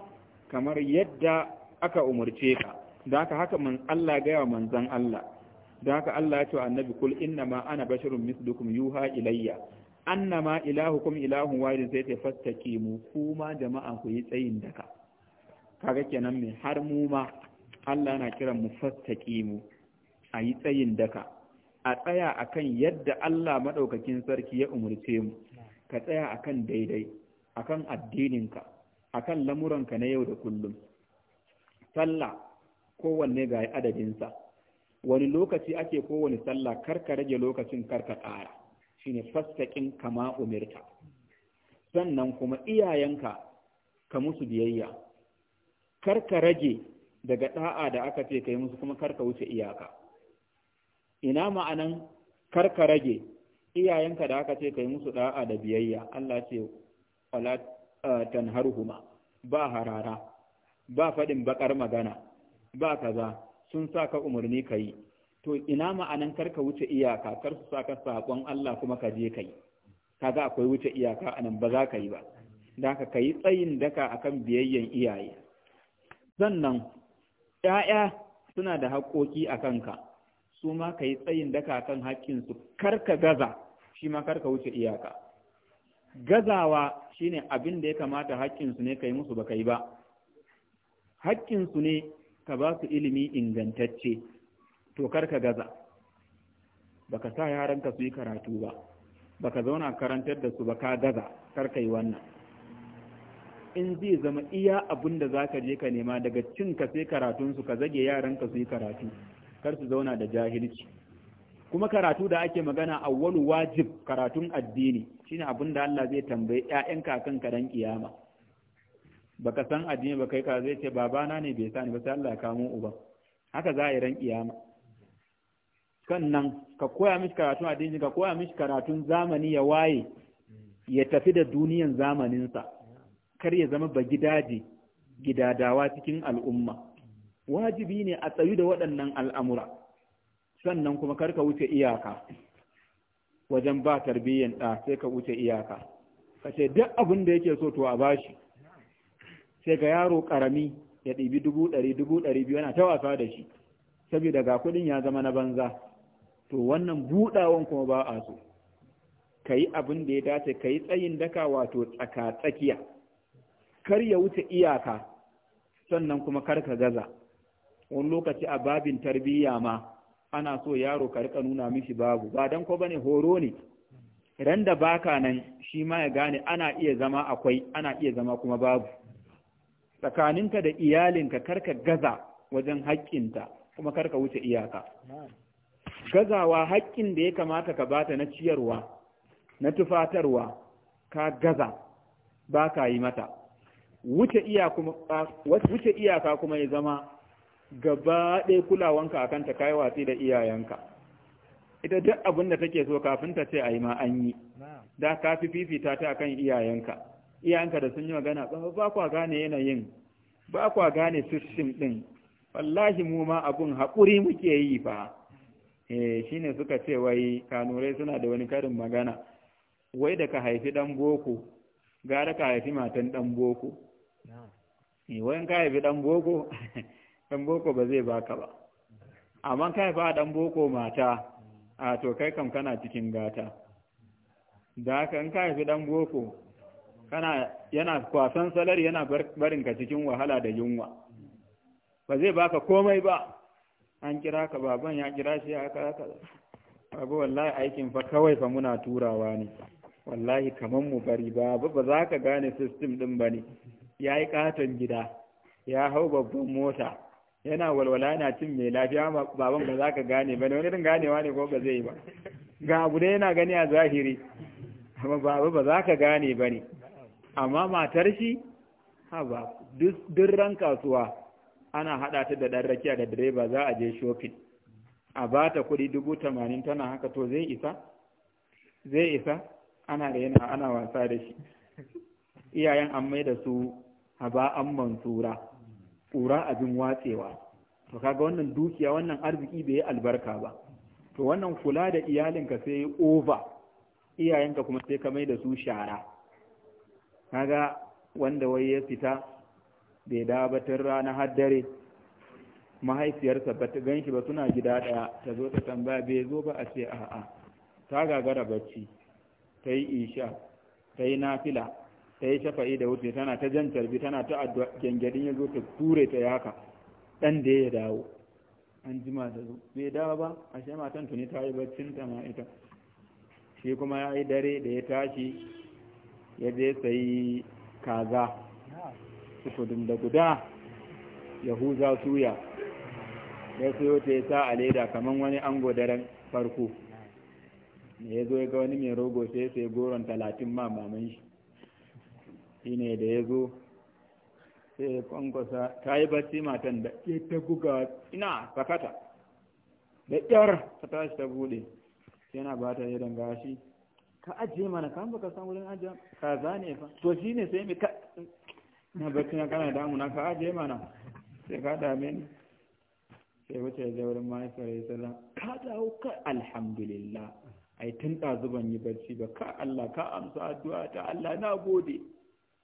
kamar yadda aka umurce ka da haka haka man Allah gaya wa manzon Allah da haka Allah ya ce annabi kul inna ma ana basharun mislukum yuha ilayya annama ilahukum ilahun wahidin sai ta mu, kuma jama'a ku yi tsayin daka kaga kenan me har mu ma Allah yana kiran mu fastaqimu a yi tsayin daka a tsaya akan yadda Allah madaukakin sarki ya umurce mu ka tsaya akan daidai akan addininka akan lamuranka na yau da kullum sallah kowanne ga adadinsa wani lokaci ake kowane sallah karka rage lokacin karka ƙara shine fastaƙin kama umirta sannan kuma iyayenka ka musu biyayya kar ka rage daga ɗa'a da aka ce kai musu kuma kar ka wuce iyaka ina ma'anan kar ka rage iyayenka da aka ce ka yi musu ɗa'a da biyayya Allah ce wala eh, harhuma. ba harara ba faɗin baƙar magana ba kaza sun sa ka umarni kai to ina ma'anan kar ka wuce iyaka kar su saka sakon Allah kuma ka je kai kaga akwai wuce iyaka anan ba za ka yi ba da ka kai tsayin daka akan biyayyen iyaye sannan ƴaƴa suna da haƙƙoƙi a kanka su ma ka yi tsayin daka akan haƙƙinsu kar ka gaza shi ma kar ka wuce iyaka gazawa shine abin da ya kamata haƙƙinsu ne kai musu ba kai ba ba haƙƙinsu ne ka ba su ilimi ingantacce to kar ka gaza baka sa yaranka su yi karatu ba baka zauna karantar da su ba ka gaza kar ka yi wannan in zai zama iya abun da za ka je ka nema daga cin ka sai su ka zage yaranka su yi karatu kar su zauna da jahilci kuma karatu da ake magana a awwalu wajib karatun addini shine abin da Allah zai tambaye ƴaƴanka akan karan kiyama baka san addini ba kai ka zai ce babana ne bai sani ba sai Allah ya kamo uba haka za a yi ran kiyama nan ka koya mishi karatun addini ka koya mishi karatun zamani ya waye ya tafi da duniyan zamaninsa kar ya zama ba gidaje gidadawa cikin al'umma wajibi ne a tsayu da waɗannan al'amura sannan kuma kar ka wuce iyaka wajen ba tarbiyyan ɗa sai ka wuce iyaka ka ce duk abin da yake so to a bashi sai ga yaro karami ya ɗibi dubu ɗari dubu ɗari biyu yana ta wasa da shi saboda ga kuɗin ya zama na banza to wannan buɗawan kuma ba a so ka yi abin da ya dace ka yi tsayin daka wato tsaka-tsakiya kar ya wuce iyaka sannan kuma kar ka gaza wani lokaci a babin tarbiyya ma ana so yaro ka rika nuna mishi babu ba dan ko bane horo ne ran da baka nan shi ma ya gane ana iya zama akwai ana iya zama kuma babu tsakaninka da iyalinka kar ka gaza wajen haƙƙinta kuma kar ka wuce iyaka gazawa hakkin da ya kamata ka bata na ciyarwa na tufatarwa ka gaza ba ka yi mata wuce iyaka kuma ya zama gaba ɗaya kulawanka a kanta kayi watsi da iyayenka ita duk abin da take so kafin ta ce a yi ma an yi da ka fi fifita ta kan iyayenka iyayenka da sun yi magana ba kwa gane yanayin ba kwa gane system ɗin wallahi mu ma abun haƙuri muke yi fa Eh, shi ne suka ce wai kanurai suna da wani karin magana wai da ka haifi ɗan boko gara ka haifi matan ɗan boko eh, wai ka haifi ɗan boko Ɗan boko ba zai baka ba amma ka a ɗan boko mata a to kai kam kana cikin gata da haka in ka haifi ɗan boko kana yana kwasan salari yana barinka cikin wahala da yunwa ba zai baka komai ba an kira ka baban ya kira shi ya kaza kaza babu wallahi aikin fa kawai fa muna turawa ne wallahi kaman mu bari babu ba za ka gane system din ba ne ya yi katon gida ya hau babban mota yana walwala yana cin mai lafiya baban ba za ka gane ba ne wani irin ganewa ne ko ba zai yi ba ga abu dai yana gani a zahiri amma babu ba za ka gane ba ne amma matar shi ha ba duk ran kasuwa ana haɗa ta da ɗan rakiya da direba za a je shopping a ba ta kuɗi dubu tamanin tana haka to zai isa zai isa ana yana ana wasa da shi iyayen an mai da su haba an mansura ƙura abin watsewa to kaga wannan dukiya wannan arziki bai yi albarka ba to wannan kula da iyalinka sai over iyayenka kuma sai ka mai da su shara kaga wanda wai ya fita bai da batun rana har dare mahaifiyarsa ba ta gan shi ba suna gida ɗaya ta zo ta tambaya bai zo ba a ce a'a ta gagara bacci ta yi isha ta yi nafila ta yi shafa'i da wuce tana ta jan tarbi tana ta addu'a gangadin ya zo ta ture ta yaka ɗan da ya dawo an jima ta zo bai dawo ba a shi matan tuni ta yi baccin ta ma ita shi kuma ya yi dare da ya tashi ya je sayi kaza su kudin da guda yahuza suya ya sayo ta ya sa a leda kamar wani ango daren farko ne ya zo ya ga wani mai rogo sai ya sai goron talatin ma maman shi shi ne da ya zo sai ya kwankwasa ta yi bacci matan da ya ta guga ina sakata da ƙyar ta tashi ta buɗe sai na ba ta yi gashi ka ajiye mana kan baka san wurin ajiye kaza ne fa to shi ne sai mai na bacci na kana damu na ka aje mana sai ka dame ni sai wuce ya wurin mahaifiyar ya sallah ka dawo ka alhamdulillah ai tun ɗazuban yi barci ba ka Allah ka amsa addu'a ta Allah na gode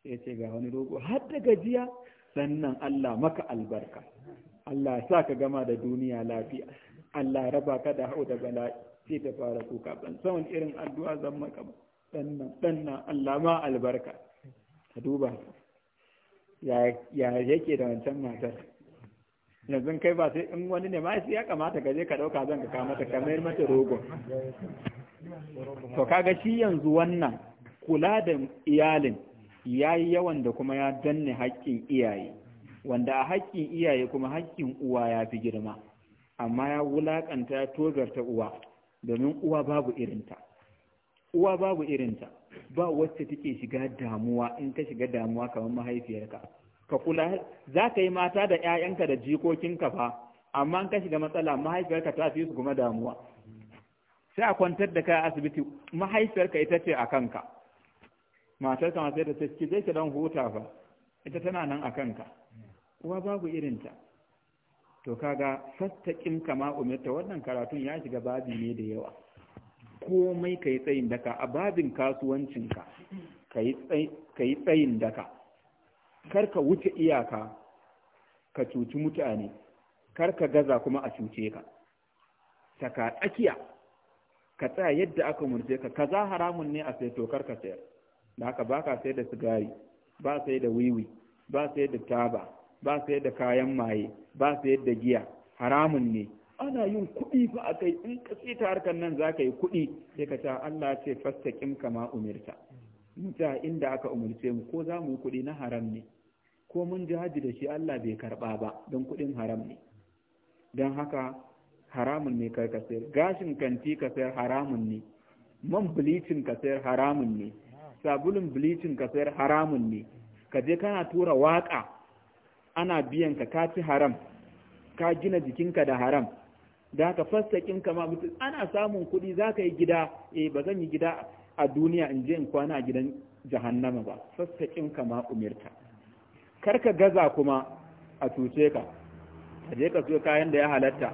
sai ce ga wani rogo har da gajiya sannan Allah maka albarka Allah sa ka gama da duniya lafiya Allah raba ka da hau da bala sai ta fara kuka ban san irin addu'a zan maka ba sannan sannan Allah ma albarka ka duba ya yake da wancan matar yanzu kai ba sai in wani ne ma sai ya kamata ka je ka ɗauka zan ka kama ta kamar mata rogo to kaga shi yanzu wannan kula da iyalin ya yi yawan da kuma ya danne haƙƙin iyaye wanda a haƙƙin iyaye kuma haƙƙin uwa ya fi girma amma ya wulaƙanta ya tozarta uwa domin uwa babu irinta uwa babu irin irinta ba wacce take shiga damuwa in ka shiga damuwa kamar mahaifiyarka ka kula za ka yi mata da 'ya'yanka da jikokinka fa amma in ka shiga matsala mahaifiyarka ta fi su kuma damuwa sai a kwantar da kai a asibiti mahaifiyarka ita ce a kanka matarka ma sai ta ce ki zai ki dan huta fa ita tana nan a kanka uwa babu irinta to kaga fastaƙin kama umirta wannan karatun ya shiga babi ne da yawa komai ka yi tsayin daka a babin kasuwancinka ka yi tsayin daka kar ka wuce iyaka ka cuci mutane kar ka gaza kuma a cuce ka saka tsakiya ka tsaya yadda aka murce ka kaza haramun ne a sai to kar ka sayar da haka ba ka sayar da sigari ba sayar da wiwi ba sayar da taba ba sayar da kayan maye ba sayar da giya haramun ne ana yin kuɗi fa a kai in ka ta harkar nan za ka yi kuɗi sai ka ta Allah ce fastaƙin kama umirta muta inda aka umarce mu ko za mu yi kuɗi na haram ne ko mun jihadi da shi Allah bai karɓa ba don kuɗin haram ne don haka haramun ne kai ka sayar gashin kanti ka sayar haramun ne man bilicin ka sayar haramun ne sabulun bilicin ka sayar haramun ne ka je kana tura waka ana biyan ka ka haram ka gina jikinka da haram da haka fastakin kama mutum ana samun kuɗi za ka yi gida eh ba zan yi gida a duniya in je in kwana a gidan jahannama ba fastakin kama umirta kar ka gaza kuma a cuce ka ka je ka so kayan da ya halatta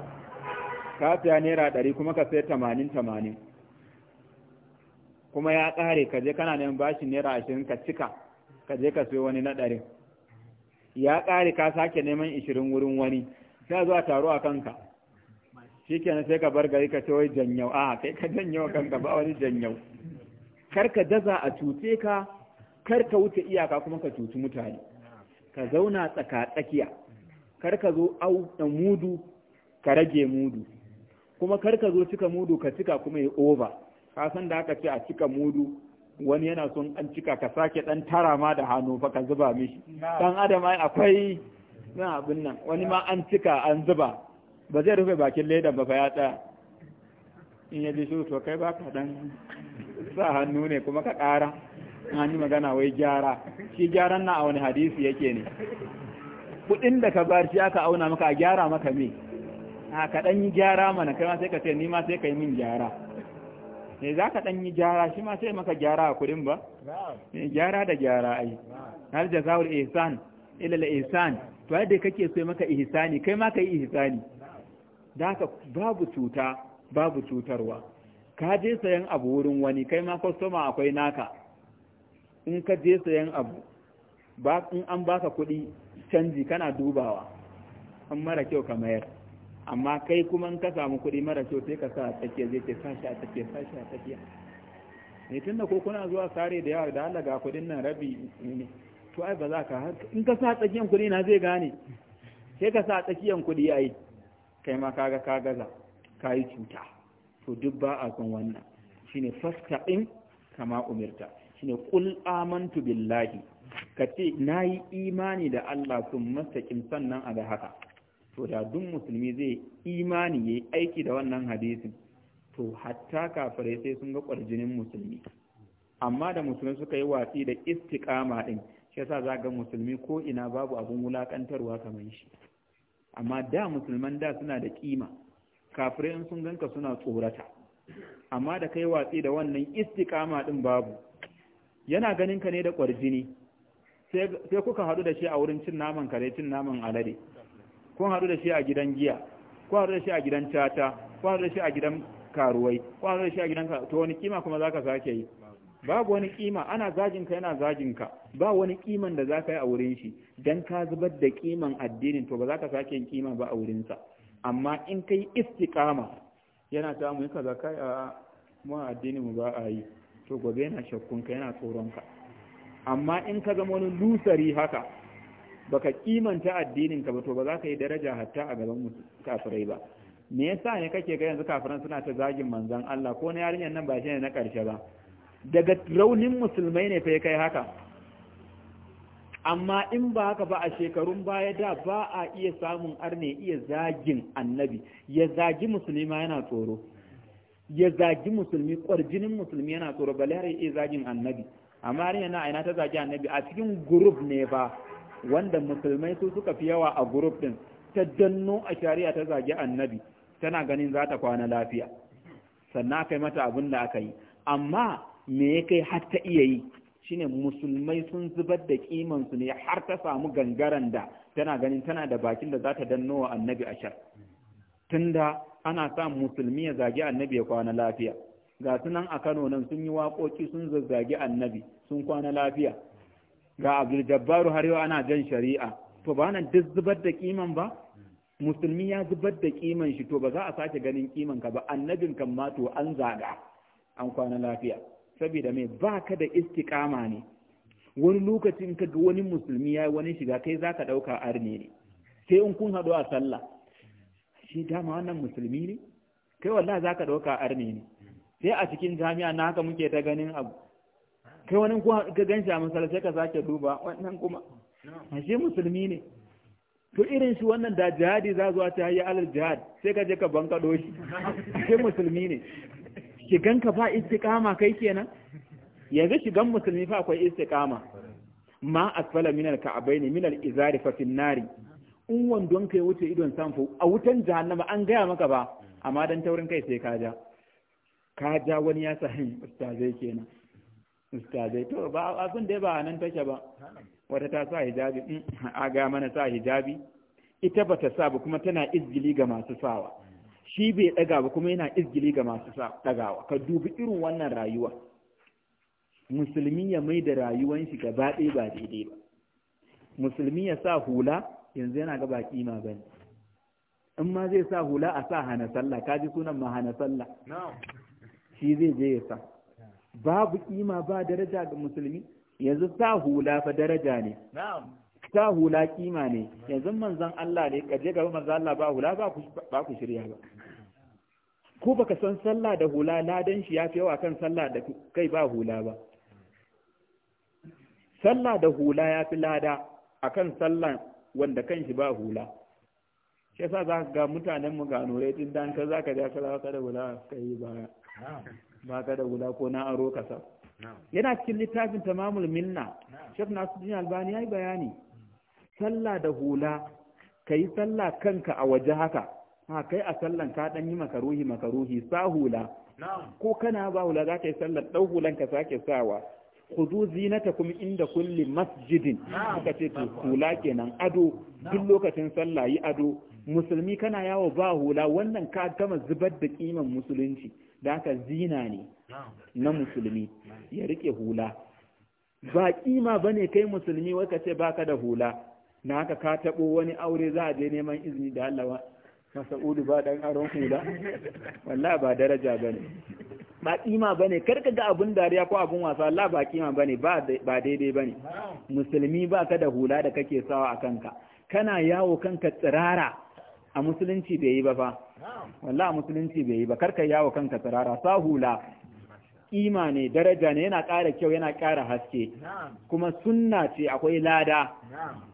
ka fiya naira ɗari kuma ka sai tamanin tamanin kuma ya ƙare ka je kana neman bashin naira ashirin ka cika ka je ka sai wani na ɗarin ya ƙare ka sake neman ishirin wurin wani sai zuwa taro a kanka shi kenan sai ka bar gari ka ce wai janyau a kai ka janyau ka ba wani janyau kar daza a cuce ka kar ka wuce iyaka kuma ka cuci mutane ka zauna tsaka tsakiya kar ka zo au da mudu ka rage mudu kuma karka zo cika mudu ka cika kuma ya ova. ka san da aka ce a cika mudu wani yana son an cika ka sake dan tara ma da hannu fa ka zuba mishi dan adam ai akwai na abin nan wani ma an cika an zuba ba zai rufe bakin ledan ba fa ya tsaya in ya ji su to kai ba ka dan sa hannu ne kuma ka ƙara hannu yi magana wai gyara shi gyaran na a wani hadisi yake ne kudin da ka bar shi aka auna maka a gyara maka me a ka dan yi gyara mana kai ma sai ka ce ni ma sai ka yi min gyara ne za ka dan yi gyara shi ma sai maka gyara a kudin ba ne gyara da gyara ai har jazawul ihsan ila al ihsan to yadda kake so maka ihsani kai ma ka yi ihsani da haka babu cuta babu cutarwa ka je sayan abu wurin wani kai ma kwastoma akwai naka in ka je sayan abu ba in an baka kuɗi canji kana dubawa an mara kyau ka mayar amma kai kuma in ka samu kuɗi mara kyau sai ka sa a tsakiya zai ke sashi a tsakiya sashi a tsakiya ne eh, tunda ko kuna zuwa sare da yawa da Allah ga kuɗin nan rabi ne to ai ba za ka in ka sa tsakiyan kuɗi na zai gane sai ka sa tsakiyan kuɗi ai kai ma kaga ka gaza ka yi cuta to duk ba a son wannan shine fasta'in kama umirta shine qul amantu billahi ka ce na yi imani da Allah sun mastaƙin sannan a ga haka to da duk musulmi zai imani ya yi aiki da wannan hadisin to hatta kafirai sai sun ga ƙwarjinin musulmi amma da musulmi suka yi watsi da istiƙama ɗin shi yasa za ga musulmi ko ina babu abin wulaƙantarwa kamar shi amma da musulman da suna da kima kafirai in sun ganka suna tsorata amma da kai watsi da wannan istiqama din babu yana ganin ka ne da kwarjini sai kuka haɗu da shi a wurin cin naman kare cin naman alade kun haɗu da shi a gidan giya ko haɗu da shi a gidan tata ko haɗu da shi a gidan karuwai ko haɗu da shi a gidan to wani kima kuma zaka sake yi babu wani kima ana zagin ka yana zagin ka ba wani kiman da zaka yi a wurin shi dan ka zubar da kiman addinin to ba za ka sake yin kima ba a wurin sa amma in kai istiqama yana ta mu kaza kai a mu addinin mu ba a yi to gobe yana shakkun ka yana tsoron ka amma in ka zama wani lusari haka baka kimanta addinin ka ba to ba za ka yi daraja hatta a gaban kafirai ba me yasa ne kake ga yanzu kafiran suna ta zagin manzon Allah ko na yarinyar nan ba shi ne na karshe ba daga raunin musulmai ne fa ya kai haka amma in ba haka ba a shekarun baya da ba a iya samun arne iya zagin annabi ya zagi musulmi ma yana tsoro ya zagi musulmi kwarjinin musulmi yana tsoro bale har iya zagin annabi amma har yana aina ta zagi annabi a cikin group ne ba wanda musulmai su suka fi yawa a group din ta danno a shari'a ta zagi annabi tana ganin za ta kwana lafiya sannan aka yi mata abin da aka yi amma me ya kai har ta iya yi shine musulmai sun zubar da kimansu ne har ta samu gangaran da tana ganin tana da bakin da za ta danno wa annabi ashar tunda ana sa musulmi ya zagi annabi ya kwana lafiya ga sunan a Kano nan sun yi waƙoƙi sun zazzagi annabi sun kwana lafiya ga Abdul Jabbaru har yau ana jan shari'a to ba nan duk zubar da kiman ba musulmi ya zubar da kiman shi to ba za a sake ganin kiman ka ba annabin kan ma to an zaga an kwana lafiya saboda mai baka da istiqama ne wani lokacin ka ga wani musulmi ya yi wani shiga kai zaka dauka arne ne sai in kun haɗu a sallah shi dama wannan musulmi ne kai wallahi zaka dauka arne ne sai a cikin jami'a na haka muke ta ganin abu kai wani ka ganshi a masallaci sai ka sake duba wannan kuma ashe musulmi ne to irin shi wannan da jihadi za zuwa ta yi alal jihad sai ka je ka bankaɗo shi sai musulmi ne shiganka ba istiqama kai kenan yanzu shigan musulmi fa akwai istiqama ma asfala minal ka'baini minal izari fa nari in wandon kai wuce idon samfu a wutan jahannama an gaya maka ba amma dan taurin kai sai ka ja ka ja wani ya sahi hmm, ustazai kenan ustazai to ba abin da ba nan take ba wata ta sa hijabi hmm, a ga mana sa hijabi ita bata sa ba kuma tana izgili ga masu sawa shi bai ɗaga ba kuma yana izgili ga masu ɗagawa ka dubi irin wannan rayuwa musulmi ya mai da rayuwan shi gaba ɗaya ba daidai ba musulmi ya sa hula yanzu yana gaba kima ba ne in ma zai sa hula a sa hana sallah ka ji sunan ma hana sallah shi zai je ya sa babu kima ba daraja ga musulmi yanzu sa hula fa daraja ne sa hula kima ne yanzu manzon Allah ne kaje gaba manzon Allah ba hula ba ku ba ku shirya ba ko baka san sallah da hula ladan shi yafi yawa kan sallah da kai ba hula ba sallah da hula yafi lada akan sallah wanda kan shi ba hula shi yasa za ga mutanen mu ga nore din dan ka zaka ja sallah ka da hula kai ba ba ka da hula ko na aro ka sa yana cikin littafin tamamul minna shek nasuddin albani yayi bayani sallah da hula kai sallah kanka a waje haka ha kai a sallan ka dan yi makaruhi makaruhi sa hula ko kana ba hula za ka yi sallar dau hulan ka sake sawa khudu zinatakum inda kulli masjidin aka ce to hula kenan ado duk lokacin sallah yi ado musulmi kana yawo ba hula wannan ka gama zubar da kiman musulunci da aka zina ne na musulmi ya rike hula ba kima bane kai musulmi wai ka ce baka da hula na haka ka tabo wani aure za a je neman izini da Allah masa'udu ba dan aron da wallahi ba daraja bane ba kima bane kar ka ga abun dariya ko abun wasa wallah ba kima bane ba ba daidai bane musulmi ba ka da hula da kake sawa a kanka kana yawo kanka tsirara a musulunci bai yi ba fa wallahi musulunci bai yi ba kar ka yawo kanka tsirara sa hula kima ne daraja ne yana ƙara kyau yana ƙara haske kuma sunna ce akwai lada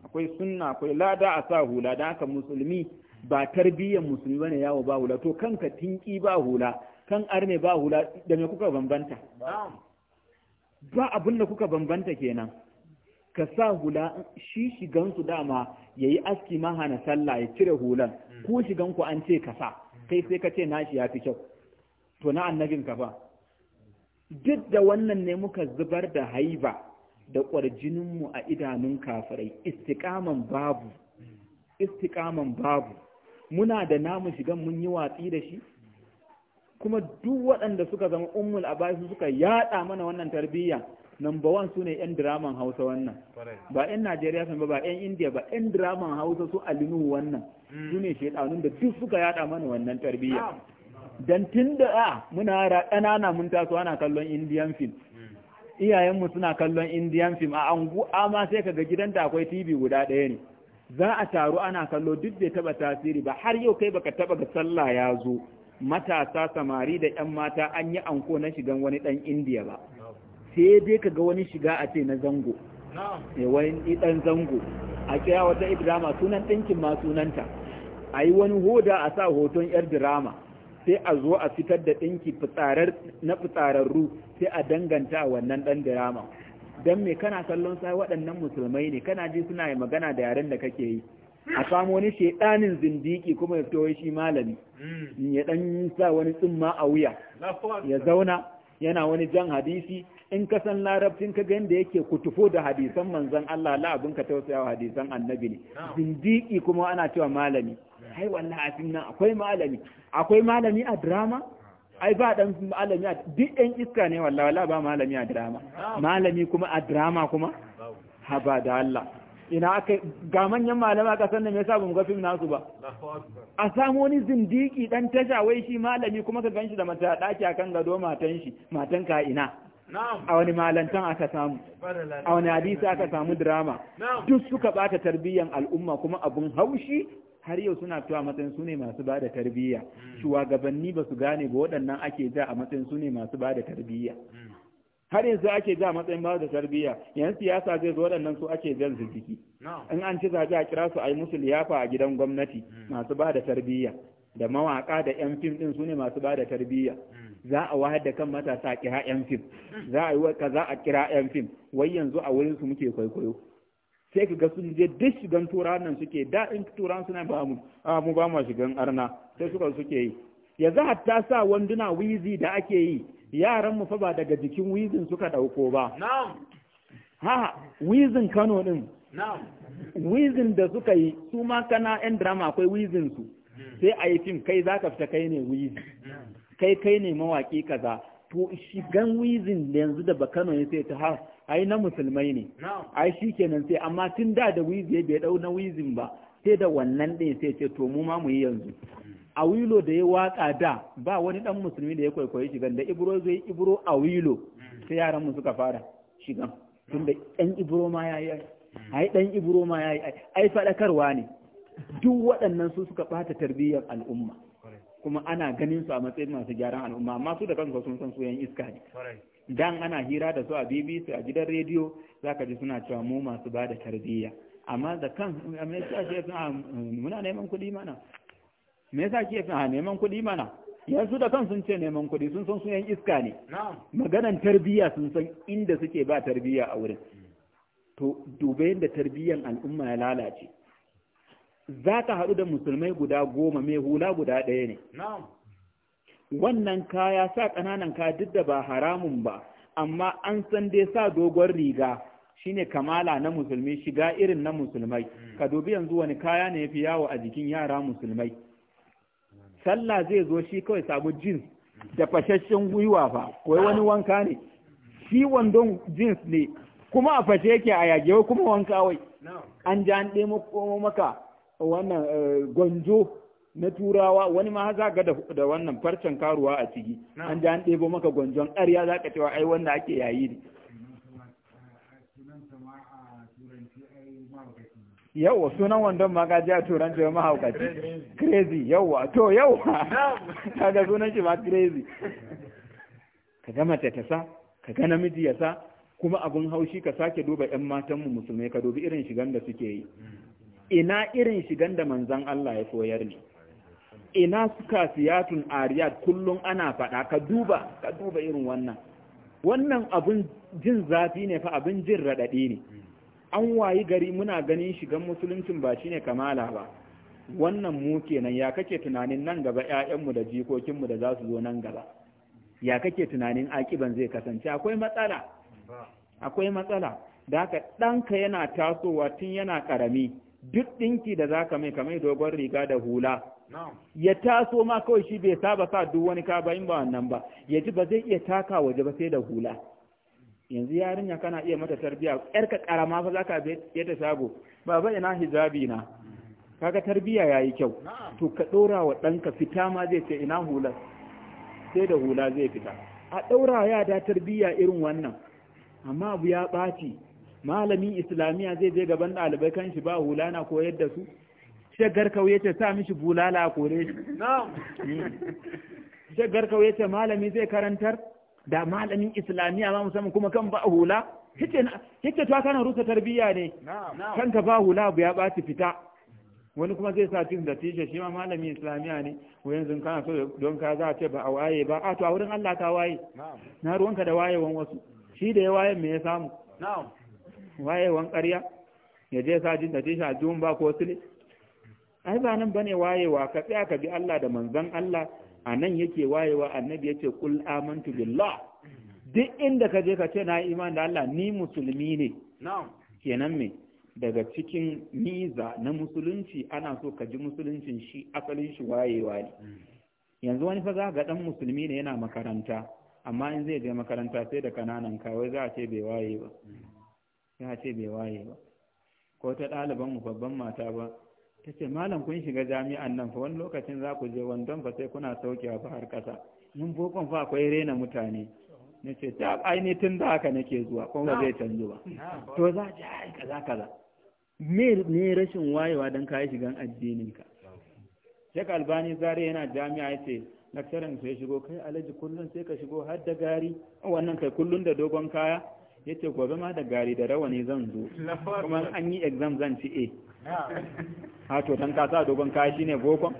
akwai sunna akwai lada a sa hula dan haka musulmi ba tarbiyyar musulmi bane yawo ba hula to kanka tinki ba hula kan arne ba hula da me kuka bambanta ba abin da kuka bambanta kenan ka sa hula shi shigan su dama yayi aski ma hana sallah ya cire hulan hmm. ko shigan ku an ce ka sa kai sai ka ce nashi ya fi kyau to na annabin ka ba duk da wannan ne muka zubar da haiba da mu a idanun kafirai istiqaman babu istiqaman babu muna da namu shigan mun yi watsi da shi kuma duk waɗanda suka zama ummul abasu suka yaɗa mana wannan tarbiyya number one su ne 'yan diraman hausa wannan ba 'yan najeriya sun ba ba 'yan India ba 'yan diraman hausa su alinu wannan hmm. su ne shaidanun da duk suka yaɗa mana wannan tarbiyya dan tun a muna ra ƙanana mun taso ana kallon indian film hmm. iyayenmu suna kallon indian film a angu amma sai kaga gidanta akwai tv guda ɗaya ne za a taru ana kallo duk bai taba tasiri ba har yau kai baka taba ga sallah ya zo matasa samari da yan mata an yi anko na shigan wani dan indiya ba sai dai ka ga wani shiga a ce na zango ne eh, wani dan zango a kira wata ibrahima sunan dinkin ma sunanta a yi wani hoda a sa hoton yar dirama sai a zo a fitar da ɗinki na fitsararru sai a danganta wannan dan dirama dan me kana sallon sai waɗannan musulmai ne kana ji suna yi magana da yaren da kake yi a samo wani shedanin zindiki kuma ya fito shi malami hmm. ya dan sa wani tsumma a wuya ya zauna yana wani jan hadisi in ka san larabcin ka ga yadda yake kutufo da hadisan manzon Allah la abun ka tausayawa hadisan annabi ne zindiki kuma ana cewa malami hmm. ai wallahi a nan akwai malami akwai malami a drama ai ba dan malami duk ɗan iska ne wallahi wallahi ba malami a drama malami kuma a drama kuma ha da Allah ina aka ga manyan malama ka san me yasa bamu ga film nasu ba a samu wani zindiki dan tasha wai shi malami kuma ka ganshi da mata daki akan gado matan shi matan ka ina a wani malantan aka samu a wani hadisi aka samu drama duk suka bata tarbiyyan al'umma kuma abun haushi har yau suna tuwa matsayin su ne masu bada tarbiyya hmm. shugabanni ba su gane ba waɗannan ake ja a matsayin su ne masu bada tarbiyya hmm. har yanzu ake ja a matsayin ba da tarbiyya yan siyasa zai zo waɗannan su ake jan su jiki in an ci zaɓe a kira su a yi musu liyafa a gidan gwamnati hmm. masu ba da tarbiyya da mawaka da yan fim ɗin su ne masu ba da tarbiyya za a wahar da kan matasa a kira yan fim za a yi kaza a kira yan fim wai yanzu a wurin su muke kwaikwayo sai ka ga sun je duk shigan turawan nan suke da in turawan suna ba mu mu ba mu shigan arna sai suka suke yi ya za hatta sa wanduna wizi da ake yi yaran mu fa ba daga jikin wizin suka dauko ba na'am ha wizin Kano din na'am wizin da suka yi su ma kana yan drama akwai wizin su hmm. sai a yi fim kai zaka fita kai ne wizi hmm. kai kai ne mawaki kaza to shigan wizin yanzu da Kano ne sai ta har ai na musulmai ne ai shikenan sai amma tun da da wizi bai dau na wizin ba sai da wannan din sai ce to mu ma mu yi yanzu a wilo da ya waka da ba wani dan musulmi da ya kwaikwayi shigan da ibro zai ibro a wilo hmm. sai yaran mu suka fara shigan hmm. tunda dan ibro ma yayi ai dan hmm. ibro ma yayi ai fadakarwa ne duk waɗannan su suka bata tarbiyyar al'umma kuma ana ganin su a matsayin masu gyaran al'umma amma su da kansu sun san su iska ne dan ana hira da su a BBC a gidan rediyo zaka ji suna cewa mu masu ba da tarbiyya amma da kan me yasa ke muna neman kuɗi mana me yasa ke a neman kuɗi mana yanzu da kan sun ce neman kuɗi sun san su yan iska ne maganan tarbiyya sun san inda suke ba tarbiyya a wurin to dubai yadda tarbiyyan al'umma ya lalace za ka haɗu da musulmai guda goma mai hula guda ɗaya ne wannan kaya sa ƙananan kaya duk da ba haramun ba amma an san dai sa dogon riga shine kamala na musulmi shiga irin na musulmai hmm. ka dubi yanzu wani kaya ne fi yawo a jikin yara musulmai sallah zai zo shi kawai sabu jeans hmm. da fashashen gwiwa fa wai wani wanka ne shi wandon jeans ne kuma a fashe yake a yage kuma wanka wai an ja an ɗemo maka wannan eh, gwanjo na turawa wani ma za ga da wannan farcen karuwa a ciki an ji an ɗebo maka gwanjon ƙarya za ka cewa ai wanda ake yayi ne yawwa sunan wandon ma ga jiya turanci ma mahaukaci crazy yawwa to yawwa ga sunan shi ma crazy ka ga mace ta sa ka ga namiji ya sa kuma abun haushi ka sake duba 'yan matanmu musulmai ka dubi irin shigan da suke yi mm. ina irin shigan da manzan Allah ya koyar ne ina suka siyatun ariyat kullum ana faɗa ka duba ka duba irin wannan wannan abin jin zafi ne fa abin jin raɗaɗi ne an wayi gari muna ganin shigan musuluncin ba shine kamala ba wannan mu kenan ya kake tunanin nan gaba ƴaƴanmu da jikokinmu da za su zo nan gaba ya kake tunanin akiban zai kasance akwai matsala akwai matsala da haka ɗanka yana tasowa tun yana ƙarami duk ɗinki da za ka mai kamar dogon riga da hula ya taso ma kawai shi bai saba sa duk wani ka bayin ba wannan ba ya ji ba zai iya taka waje ba sai da hula yanzu yarinya kana iya mata tarbiya yar ka karama fa zaka ya ta shago baba ina hijabi na kaga tarbiya yayi kyau to ka dora wa danka fita ma zai ce ina hula sai da hula zai fita a daura ya da tarbiya irin wannan amma abu ya ɓaci malamin islamiya zai je gaban ɗalibai kan shi ba hula na koyar da su shagar kauye ce sa mishi bulala a kore shi shagar kauye ce malami zai karantar da malamin islamiyya ma musamman kuma kan ba hula yake ta kana rusa tarbiyya ne ka ba hula bu ya ɓaci fita wani kuma zai sa cin da tishe shi ma malamin islamiyya ne wani zin kana so don ka za a ce ba a waye ba a to a wurin Allah ka waye na ruwanka da wayewan wasu shi da ya waye me ya samu wayewan ƙarya ya je sa jin da tishe a juhun ba ko sile ai ba nan bane wayewa ka tsaya ka bi Allah da manzon Allah a nan yake wayewa annabi yace kul amantu billah duk inda ka je ka ce na iman da Allah ni musulmi ne kenan me daga cikin miza na musulunci ana so ka ji musuluncin shi asalin shi wayewa ne yanzu wani fa za ga dan musulmi ne yana makaranta amma in zai je makaranta sai da kananan kawai za a ce bai waye ba za a ce bai waye ba ko ta ɗaliban mu babban mata ba ta ce malam kun shiga jami'an nan fa wani lokacin za ku je wandon fa sai kuna saukewa fa har kasa mun bokon fa akwai rena mutane na ce ta aini tun da haka nake zuwa kuma ba zai canzu ba to za ji ai kaza kaza me ne rashin wayewa dan kai shigan addinin ka Sheikh Albani Zare yana jami'a yace lakcaran sai shigo kai alaji kullun sai ka shigo har da gari wannan kai kullun da dogon kaya ya ce gobe ma da gari da rawani zan zo kuma an yi exam zan ci a ha to dan kasa dogon shi ne bokon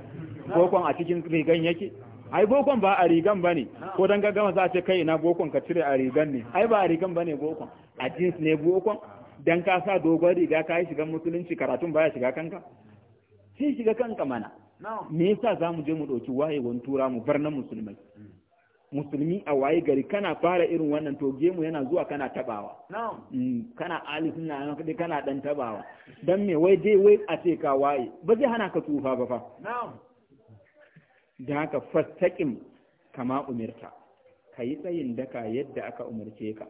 bokon a cikin rigan yake ai bokon ba a rigan bane ko dan gaggama za a ce kai ina bokon ka cire a rigan ne ai ba a rigan bane bokon a jeans ne bokon dan ka sa dogon riga ka yi shigan musulunci karatun baya shiga kanka sai shiga kanka mana me yasa za mu je mu ɗauki wayewar tura mu bar na musulmai mm. musulmi a waye gari kana fara irin wannan to gemu yana zuwa kana tabawa mm, kana alifin na kaɗai kana dan tabawa don me wai dai wai a ce ka waye ba zai hana ka tsufa ba fa da haka fastaƙin kama umirta ka yi tsayin daka yadda aka umarce ka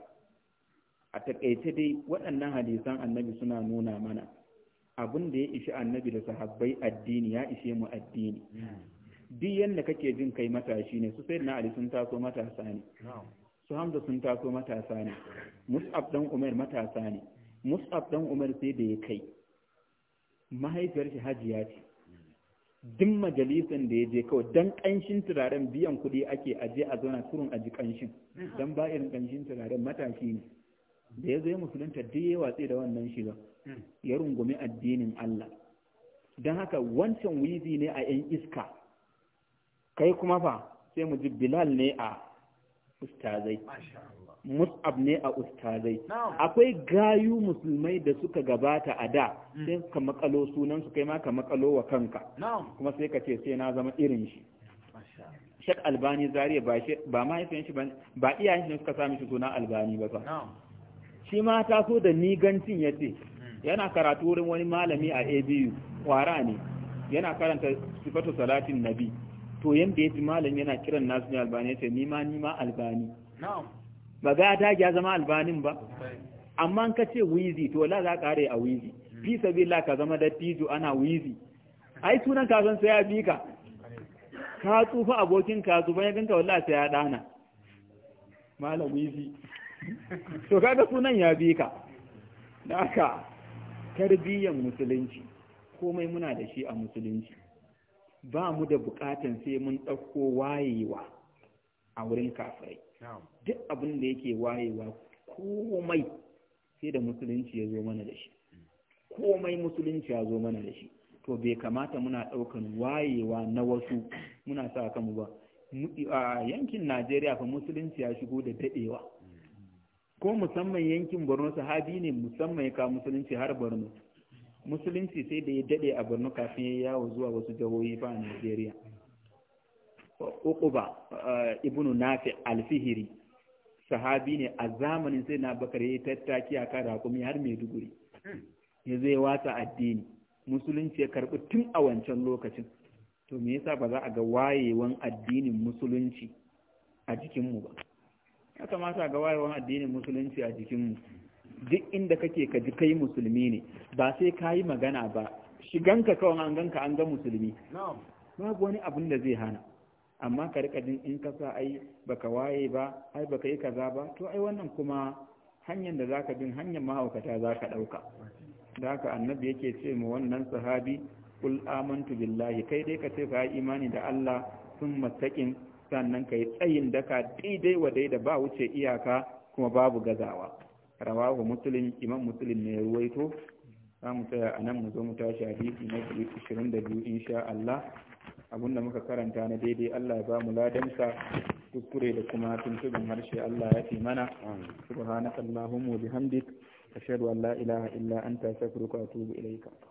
a takaice dai waɗannan hadisan annabi suna nuna mana abin da ya ishi annabi da sahabbai addini ya ishe mu addini mm. duk yadda kake jin kai matashi ne su sai na ali sun taso matasa ne su hamza sun taso matasa ne mus'ab dan umar matasa ne mus'ab dan umar sai da ya kai mahaifiyar shi hajiya ce duk majalisan da ya je kawai dan kanshin turaren biyan kuɗi ake aje a zauna turun aji kanshin dan ba irin kanshin turaren matashi ne da ya zo ya musulunta duk ya watsi da wannan shiga hmm. ya rungumi addinin Allah don haka wancan wizi ne a 'yan iska kai kuma fa sai mu ji bilal ne a ustazai mus'ab ne a ustazai akwai gayu musulmai da suka gabata a da hmm. sai ka makalo sunan su kai ma ka makalo wa kanka kuma sai ka ce sai na zama irin shi shek Albani Zariya ba shi ba mahaifiyan shi ba iyayen shi suka sami shi suna Albani ba fa shi ma ta so da nigancin ce hmm. yana karatu wurin wani malami a ABU kwara ne yana karanta sifatu salatin nabi to yanda ya ji malam yana kiran nasu ne albani ya ce ni ma ni ma albani ba ga ta ya zama albanin ba amma an ka ce wizi to la za ka kare a wizi hmm. fi sabila ka zama dattijo ana wizi ai sunan ka san sai ya bi ka ka tsufa abokin ka tsufa ya ganka wallahi sai ya dana malam wizi to kaga sunan ya bi ka da aka tarbiyyan musulunci komai muna da shi a musulunci ba mu da bukatan sai mun ɗauko wayewa a wurin kafirai duk abin da yake wayewa komai sai da musulunci ya zo mana da shi komai musulunci ya zo mana da shi to bai kamata muna ɗaukan wayewa na wasu muna sa kanmu ba a yankin najeriya fa musulunci ya shigo da daɗewa mm. ko musamman yankin borno sahabi ne musamman ya ka musulunci har borno musulunci sai da ya dade a birnin kafin ya yawo zuwa wasu jihohi ba a nigeria ukuba eh, ibnu nafi alfihiri sahabi ne a zamanin sai na bakar ya tattaki a kan rakumi har maiduguri ya zai wasa addini musulunci ya karbi tun a wancan lokacin to me yasa ba za a ga wayewan addinin musulunci a jikinmu ba ya kamata a ga wayewan addinin musulunci a jikinmu duk inda kake ka ji kai musulmi ne ba sai ka yi magana ba shiganka kawai an ganka an ga musulmi babu wani abin da zai hana amma ka rika jin in ka sa ai baka waye ba ai baka yi kaza ba to ai wannan kuma hanyar da zaka bin hanyar mahaukata zaka dauka da haka annabi yake ce mu wannan sahabi kul amantu billahi kai dai ka ce ka yi imani da Allah sun mattakin sannan ka yi tsayin daka daidai wa da ba wuce iyaka kuma babu gazawa rawahu muslim imam muslim ne ruwaito za mu tsaya a nan mu zo mu tashi hadisi na 22 insha Allah da muka karanta na daidai Allah ya ba mu ladansa kuskure da kuma tuntuban harshe Allah ya fi mana subhanakallahumma wa bihamdik ashhadu an la ilaha illa anta astaghfiruka wa atubu ilaika